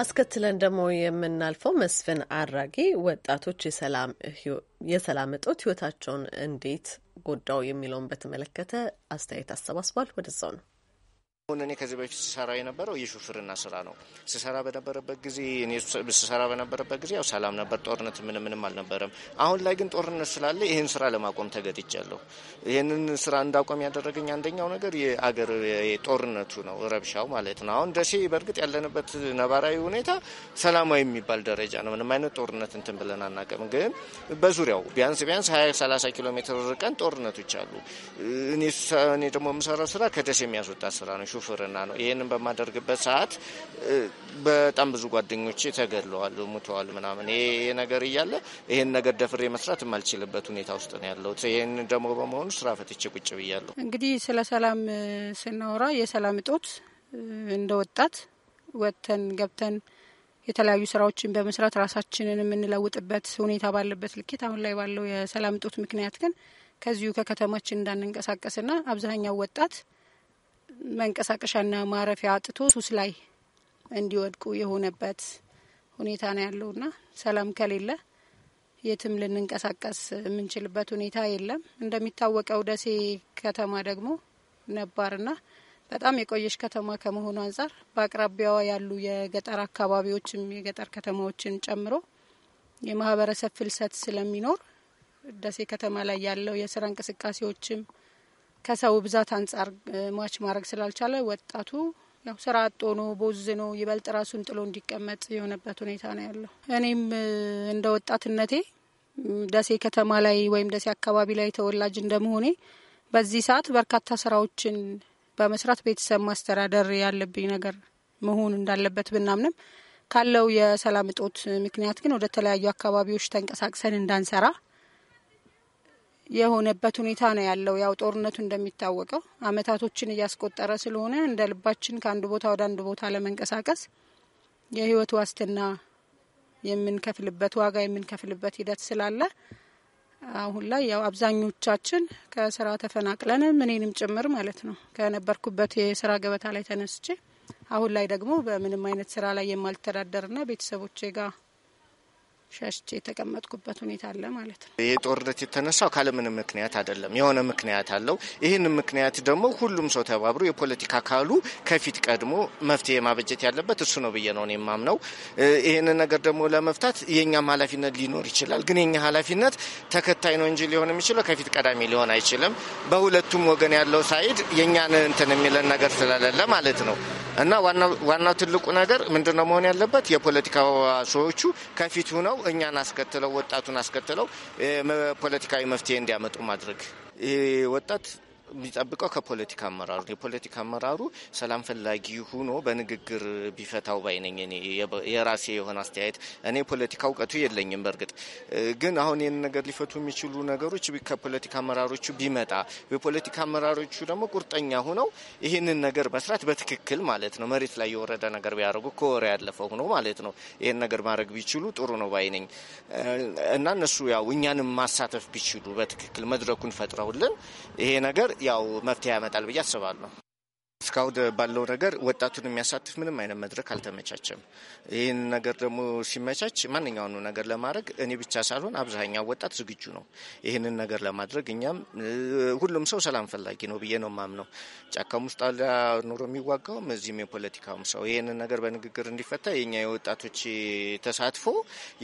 አስከትለን ደግሞ የምናልፈው መስፍን አራጌ ወጣቶች የሰላም እጦት ህይወታቸውን እንዴት ጎዳው የሚለውን በተመለከተ አስተያየት አሰባስቧል። ወደዛው ነው። አሁን እኔ ከዚህ በፊት ስሰራ የነበረው የሹፍርና ስራ ነው። ስሰራ በነበረበት ጊዜ እኔ ስሰራ በነበረበት ጊዜ ያው ሰላም ነበር፣ ጦርነት ምን ምንም አልነበረም። አሁን ላይ ግን ጦርነት ስላለ ይህን ስራ ለማቆም ተገድጃለሁ። ይህንን ስራ እንዳቆም ያደረገኝ አንደኛው ነገር የአገር ጦርነቱ ነው፣ ረብሻው ማለት ነው። አሁን ደሴ በእርግጥ ያለንበት ነባራዊ ሁኔታ ሰላማዊ የሚባል ደረጃ ነው። ምንም አይነት ጦርነት እንትን ብለን አናውቅም። ግን በዙሪያው ቢያንስ ቢያንስ ሀያ 30 ኪሎ ሜትር ርቀን ጦርነቶች አሉ። እኔ ደግሞ የምሰራው ስራ ከደሴ የሚያስወጣ ስራ ነው ሹፍርና ነው። ይህንን በማደርግበት ሰዓት በጣም ብዙ ጓደኞች ተገድለዋል፣ ሙተዋል፣ ምናምን ይሄ ነገር እያለ ይህን ነገር ደፍሬ መስራት የማልችልበት ሁኔታ ውስጥ ነው ያለሁት። ይህን ደግሞ በመሆኑ ስራ ፈትቼ ቁጭ ብያለሁ። እንግዲህ ስለ ሰላም ስናወራ የሰላም እጦት እንደ ወጣት ወጥተን ገብተን የተለያዩ ስራዎችን በመስራት ራሳችንን የምንለውጥበት ሁኔታ ባለበት ልኬት አሁን ላይ ባለው የሰላም እጦት ምክንያት ግን ከዚሁ ከከተማችን እንዳንንቀሳቀስና አብዛኛው ወጣት መንቀሳቀሻና ማረፊያ አጥቶ ሱስ ላይ እንዲወድቁ የሆነበት ሁኔታ ነው ያለውና ሰላም ከሌለ የትም ልንንቀሳቀስ የምንችልበት ሁኔታ የለም። እንደሚታወቀው ደሴ ከተማ ደግሞ ነባርና በጣም የቆየች ከተማ ከመሆኑ አንጻር በአቅራቢያዋ ያሉ የገጠር አካባቢዎችም የገጠር ከተማዎችን ጨምሮ የማህበረሰብ ፍልሰት ስለሚኖር ደሴ ከተማ ላይ ያለው የስራ እንቅስቃሴዎችም ከሰው ብዛት አንጻር ሟች ማድረግ ስላልቻለ ወጣቱ ያው ስራ አጥ ሆኖ ቦዝኖ ይበልጥ ራሱን ጥሎ እንዲቀመጥ የሆነበት ሁኔታ ነው ያለው። እኔም እንደ ወጣትነቴ ደሴ ከተማ ላይ ወይም ደሴ አካባቢ ላይ ተወላጅ እንደመሆኔ በዚህ ሰዓት በርካታ ስራዎችን በመስራት ቤተሰብ ማስተዳደር ያለብኝ ነገር መሆን እንዳለበት ብናምንም ካለው የሰላም እጦት ምክንያት ግን ወደ ተለያዩ አካባቢዎች ተንቀሳቅሰን እንዳንሰራ የሆነበት ሁኔታ ነው ያለው። ያው ጦርነቱ እንደሚታወቀው አመታቶችን እያስቆጠረ ስለሆነ እንደ ልባችን ከአንድ ቦታ ወደ አንድ ቦታ ለመንቀሳቀስ የህይወት ዋስትና የምንከፍልበት ዋጋ የምንከፍልበት ሂደት ስላለ አሁን ላይ ያው አብዛኞቻችን ከስራ ተፈናቅለን እኔንም ጭምር ማለት ነው ከነበርኩበት የስራ ገበታ ላይ ተነስቼ አሁን ላይ ደግሞ በምንም አይነት ስራ ላይ የማልተዳደርና ቤተሰቦቼ ጋር ሸሽቼ የተቀመጥኩበት ሁኔታ አለ ማለት ነው። ይህ ጦርነት የተነሳው ካለምንም ምክንያት አይደለም። የሆነ ምክንያት አለው። ይህን ምክንያት ደግሞ ሁሉም ሰው ተባብሮ የፖለቲካ አካሉ ከፊት ቀድሞ መፍትሄ ማበጀት ያለበት እሱ ነው ብዬ ነው የማምነው። ይህን ነገር ደግሞ ለመፍታት የኛም ኃላፊነት ሊኖር ይችላል። ግን የኛ ኃላፊነት ተከታይ ነው እንጂ ሊሆን የሚችለው ከፊት ቀዳሚ ሊሆን አይችልም። በሁለቱም ወገን ያለው ሳይድ የእኛን እንትን የሚለን ነገር ስለሌለ ማለት ነው እና ዋናው ትልቁ ነገር ምንድነው መሆን ያለበት የፖለቲካ ሰዎቹ ከፊት ሁነው እኛን አስከትለው ወጣቱን አስከትለው ፖለቲካዊ መፍትሄ እንዲያመጡ ማድረግ ይህ ወጣት የሚጠብቀው ከፖለቲካ አመራሩ የፖለቲካ አመራሩ ሰላም ፈላጊ ሁኖ በንግግር ቢፈታው ባይነኝ። እኔ የራሴ የሆነ አስተያየት እኔ ፖለቲካ እውቀቱ የለኝም። በእርግጥ ግን አሁን ይህን ነገር ሊፈቱ የሚችሉ ነገሮች ከፖለቲካ አመራሮቹ ቢመጣ የፖለቲካ አመራሮቹ ደግሞ ቁርጠኛ ሁነው ይህንን ነገር መስራት በትክክል ማለት ነው መሬት ላይ የወረደ ነገር ቢያደርጉ ከወረ ያለፈው ሆኖ ማለት ነው ይህን ነገር ማድረግ ቢችሉ ጥሩ ነው ባይነኝ እና እነሱ ያው እኛንም ማሳተፍ ቢችሉ በትክክል መድረኩን ፈጥረውልን ይሄ ነገር ያው መፍትሄ ያመጣል ብዬ አስባለሁ። እስካሁን ባለው ነገር ወጣቱን የሚያሳትፍ ምንም አይነት መድረክ አልተመቻቸም። ይህን ነገር ደግሞ ሲመቻች ማንኛውን ነገር ለማድረግ እኔ ብቻ ሳልሆን አብዛኛው ወጣት ዝግጁ ነው ይህንን ነገር ለማድረግ። እኛም ሁሉም ሰው ሰላም ፈላጊ ነው ብዬ ነው ማምነው። ጫካም ውስጥ አለ ኑሮ የሚዋጋውም እዚህም የፖለቲካውም ሰው ይህንን ነገር በንግግር እንዲፈታ የኛ የወጣቶች ተሳትፎ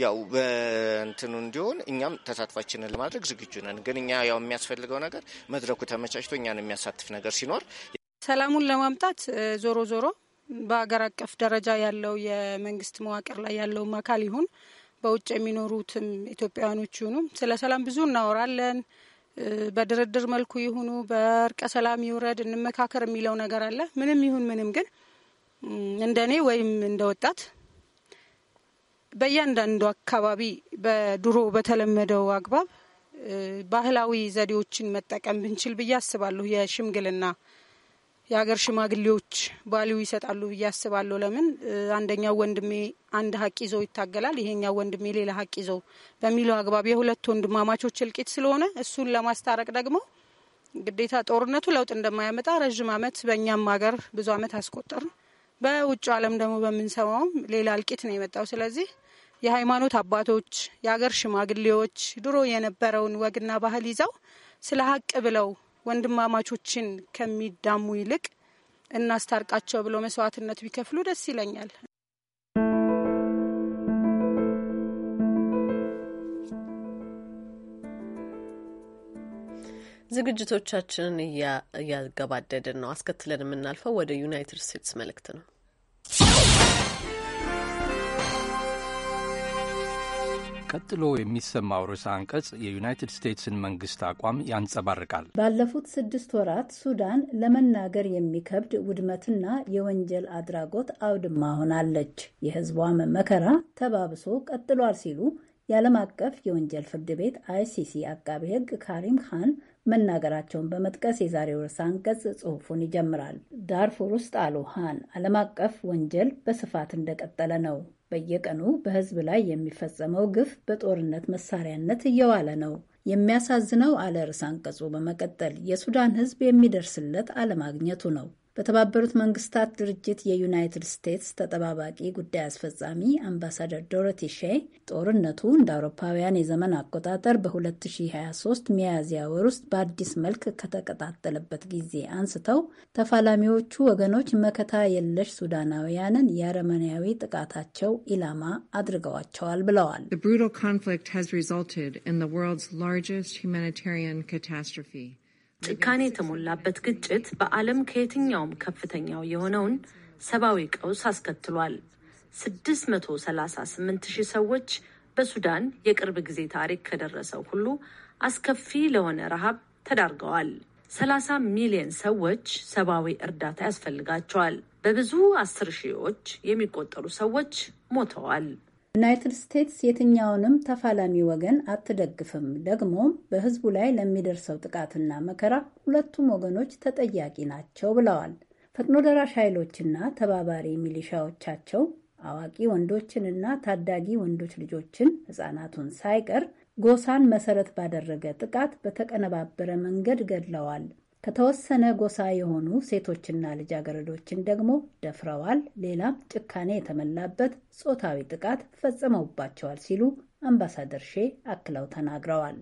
ያው በእንትኑ እንዲሆን እኛም ተሳትፏችንን ለማድረግ ዝግጁ ነን። ግን እኛ ያው የሚያስፈልገው ነገር መድረኩ ተመቻችቶ እኛን የሚያሳትፍ ነገር ሲኖር ሰላሙን ለማምጣት ዞሮ ዞሮ በሀገር አቀፍ ደረጃ ያለው የመንግስት መዋቅር ላይ ያለውም አካል ይሁን በውጭ የሚኖሩትም ኢትዮጵያውያኖች ይሁኑ ስለ ሰላም ብዙ እናወራለን። በድርድር መልኩ ይሁኑ በእርቀ ሰላም ይውረድ እንመካከር የሚለው ነገር አለ። ምንም ይሁን ምንም ግን እንደ እኔ ወይም እንደ ወጣት በእያንዳንዱ አካባቢ በድሮ በተለመደው አግባብ ባህላዊ ዘዴዎችን መጠቀም ብንችል ብዬ አስባለሁ። የሽምግልና የሀገር ሽማግሌዎች ባሊው ይሰጣሉ ብዬ አስባለሁ። ለምን አንደኛው ወንድሜ አንድ ሀቅ ይዘው ይታገላል፣ ይሄኛው ወንድሜ ሌላ ሀቅ ይዘው በሚለው አግባብ የሁለት ወንድማማቾች እልቂት ስለሆነ እሱን ለማስታረቅ ደግሞ ግዴታ ጦርነቱ ለውጥ እንደማያመጣ ረዥም ዓመት በእኛም ሀገር ብዙ ዓመት አስቆጠር። በውጭ ዓለም ደግሞ በምንሰማውም ሌላ እልቂት ነው የመጣው። ስለዚህ የሃይማኖት አባቶች፣ የሀገር ሽማግሌዎች ድሮ የነበረውን ወግና ባህል ይዘው ስለ ሀቅ ብለው ወንድማማቾችን ከሚዳሙ ይልቅ እናስታርቃቸው ብሎ መስዋዕትነት ቢከፍሉ ደስ ይለኛል። ዝግጅቶቻችንን እያገባደድን ነው። አስከትለን የምናልፈው ወደ ዩናይትድ ስቴትስ መልእክት ነው። ቀጥሎ የሚሰማው ርዕሰ አንቀጽ የዩናይትድ ስቴትስን መንግስት አቋም ያንጸባርቃል። ባለፉት ስድስት ወራት ሱዳን ለመናገር የሚከብድ ውድመትና የወንጀል አድራጎት አውድማ ሆናለች። የሕዝቧም መከራ ተባብሶ ቀጥሏል ሲሉ የዓለም አቀፍ የወንጀል ፍርድ ቤት አይሲሲ አቃቤ ሕግ ካሪም ካን መናገራቸውን በመጥቀስ የዛሬው ርዕሰ አንቀጽ ጽሑፉን ይጀምራል። ዳርፉር ውስጥ አሉ ሃን ዓለም አቀፍ ወንጀል በስፋት እንደቀጠለ ነው። በየቀኑ በህዝብ ላይ የሚፈጸመው ግፍ በጦርነት መሳሪያነት እየዋለ ነው። የሚያሳዝነው አለ ርዕሰ አንቀጹ በመቀጠል የሱዳን ህዝብ የሚደርስለት አለማግኘቱ ነው። በተባበሩት መንግስታት ድርጅት የዩናይትድ ስቴትስ ተጠባባቂ ጉዳይ አስፈጻሚ አምባሳደር ዶሮቲ ሼ ጦርነቱ እንደ አውሮፓውያን የዘመን አቆጣጠር በ2023 ሚያዝያ ወር ውስጥ በአዲስ መልክ ከተቀጣጠለበት ጊዜ አንስተው ተፋላሚዎቹ ወገኖች መከታ የለሽ ሱዳናውያንን የአረመኔያዊ ጥቃታቸው ኢላማ አድርገዋቸዋል ብለዋል። ጭካኔ የተሞላበት ግጭት በዓለም ከየትኛውም ከፍተኛው የሆነውን ሰብአዊ ቀውስ አስከትሏል። 638 ሺህ ሰዎች በሱዳን የቅርብ ጊዜ ታሪክ ከደረሰው ሁሉ አስከፊ ለሆነ ረሃብ ተዳርገዋል። 30 ሚሊዮን ሰዎች ሰብአዊ እርዳታ ያስፈልጋቸዋል። በብዙ አስር ሺዎች የሚቆጠሩ ሰዎች ሞተዋል። ዩናይትድ ስቴትስ የትኛውንም ተፋላሚ ወገን አትደግፍም፣ ደግሞም በህዝቡ ላይ ለሚደርሰው ጥቃትና መከራ ሁለቱም ወገኖች ተጠያቂ ናቸው ብለዋል። ፈጥኖ ደራሽ ኃይሎችና ተባባሪ ሚሊሻዎቻቸው አዋቂ ወንዶችንና ታዳጊ ወንዶች ልጆችን ህፃናቱን ሳይቀር ጎሳን መሰረት ባደረገ ጥቃት በተቀነባበረ መንገድ ገድለዋል። ከተወሰነ ጎሳ የሆኑ ሴቶችና ልጃገረዶችን ደግሞ ደፍረዋል፣ ሌላም ጭካኔ የተመላበት ጾታዊ ጥቃት ፈጽመውባቸዋል ሲሉ አምባሳደር ሼ አክለው ተናግረዋል።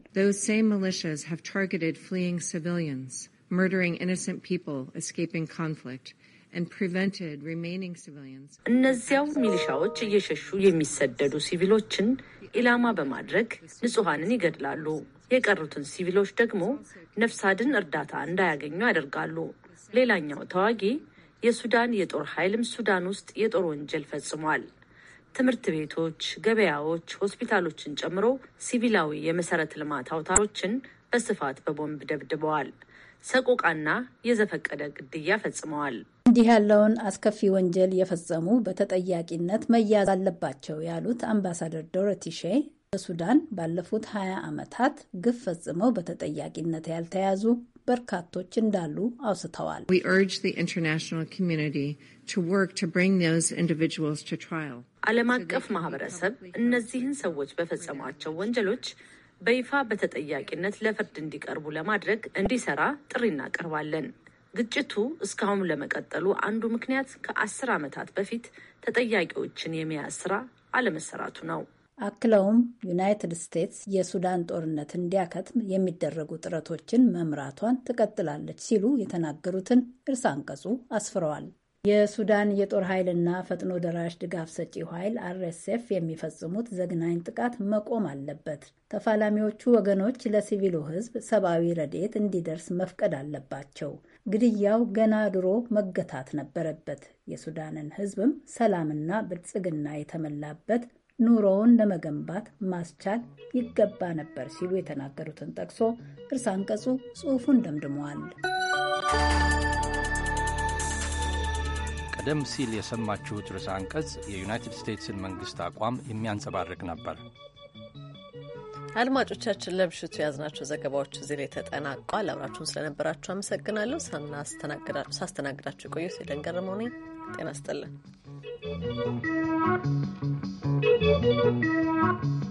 እነዚያው ሚሊሻዎች እየሸሹ የሚሰደዱ ሲቪሎችን ኢላማ በማድረግ ንጹሐንን ይገድላሉ። የቀሩትን ሲቪሎች ደግሞ ነፍስ አድን እርዳታ እንዳያገኙ ያደርጋሉ። ሌላኛው ተዋጊ የሱዳን የጦር ኃይልም ሱዳን ውስጥ የጦር ወንጀል ፈጽሟል። ትምህርት ቤቶች፣ ገበያዎች፣ ሆስፒታሎችን ጨምሮ ሲቪላዊ የመሰረተ ልማት አውታሮችን በስፋት በቦምብ ደብድበዋል። ሰቆቃና የዘፈቀደ ግድያ ፈጽመዋል። እንዲህ ያለውን አስከፊ ወንጀል የፈጸሙ በተጠያቂነት መያዝ አለባቸው ያሉት አምባሳደር ዶሮቲ ሼ በሱዳን ባለፉት 20 ዓመታት ግፍ ፈጽመው በተጠያቂነት ያልተያዙ በርካቶች እንዳሉ አውስተዋል። ዓለም አቀፍ ማህበረሰብ እነዚህን ሰዎች በፈጸሟቸው ወንጀሎች በይፋ በተጠያቂነት ለፍርድ እንዲቀርቡ ለማድረግ እንዲሰራ ጥሪ እናቀርባለን። ግጭቱ እስካሁን ለመቀጠሉ አንዱ ምክንያት ከአስር ዓመታት በፊት ተጠያቂዎችን የመያዝ ስራ አለመሰራቱ ነው። አክለውም ዩናይትድ ስቴትስ የሱዳን ጦርነት እንዲያከትም የሚደረጉ ጥረቶችን መምራቷን ትቀጥላለች ሲሉ የተናገሩትን እርስ አንቀጹ አስፍረዋል። የሱዳን የጦር ኃይልና ፈጥኖ ደራሽ ድጋፍ ሰጪ ኃይል አርኤስኤፍ የሚፈጽሙት ዘግናኝ ጥቃት መቆም አለበት። ተፋላሚዎቹ ወገኖች ለሲቪሉ ሕዝብ ሰብአዊ ረድኤት እንዲደርስ መፍቀድ አለባቸው። ግድያው ገና ድሮ መገታት ነበረበት። የሱዳንን ሕዝብም ሰላምና ብልጽግና የተመላበት ኑሮውን ለመገንባት ማስቻል ይገባ ነበር ሲሉ የተናገሩትን ጠቅሶ እርስ አንቀጹ ጽሑፉን ደምድመዋል። ቀደም ሲል የሰማችሁት ርዕሰ አንቀጽ የዩናይትድ ስቴትስን መንግሥት አቋም የሚያንጸባርቅ ነበር። አድማጮቻችን ለምሽቱ የያዝናቸው ዘገባዎች እዚህ ላይ ተጠናቋል። አብራችሁን ስለነበራችሁ አመሰግናለሁ። ሳስተናግዳችሁ ቆዩ። የደንገረመው ነኝ። ጤና ይስጥልን። Thank you.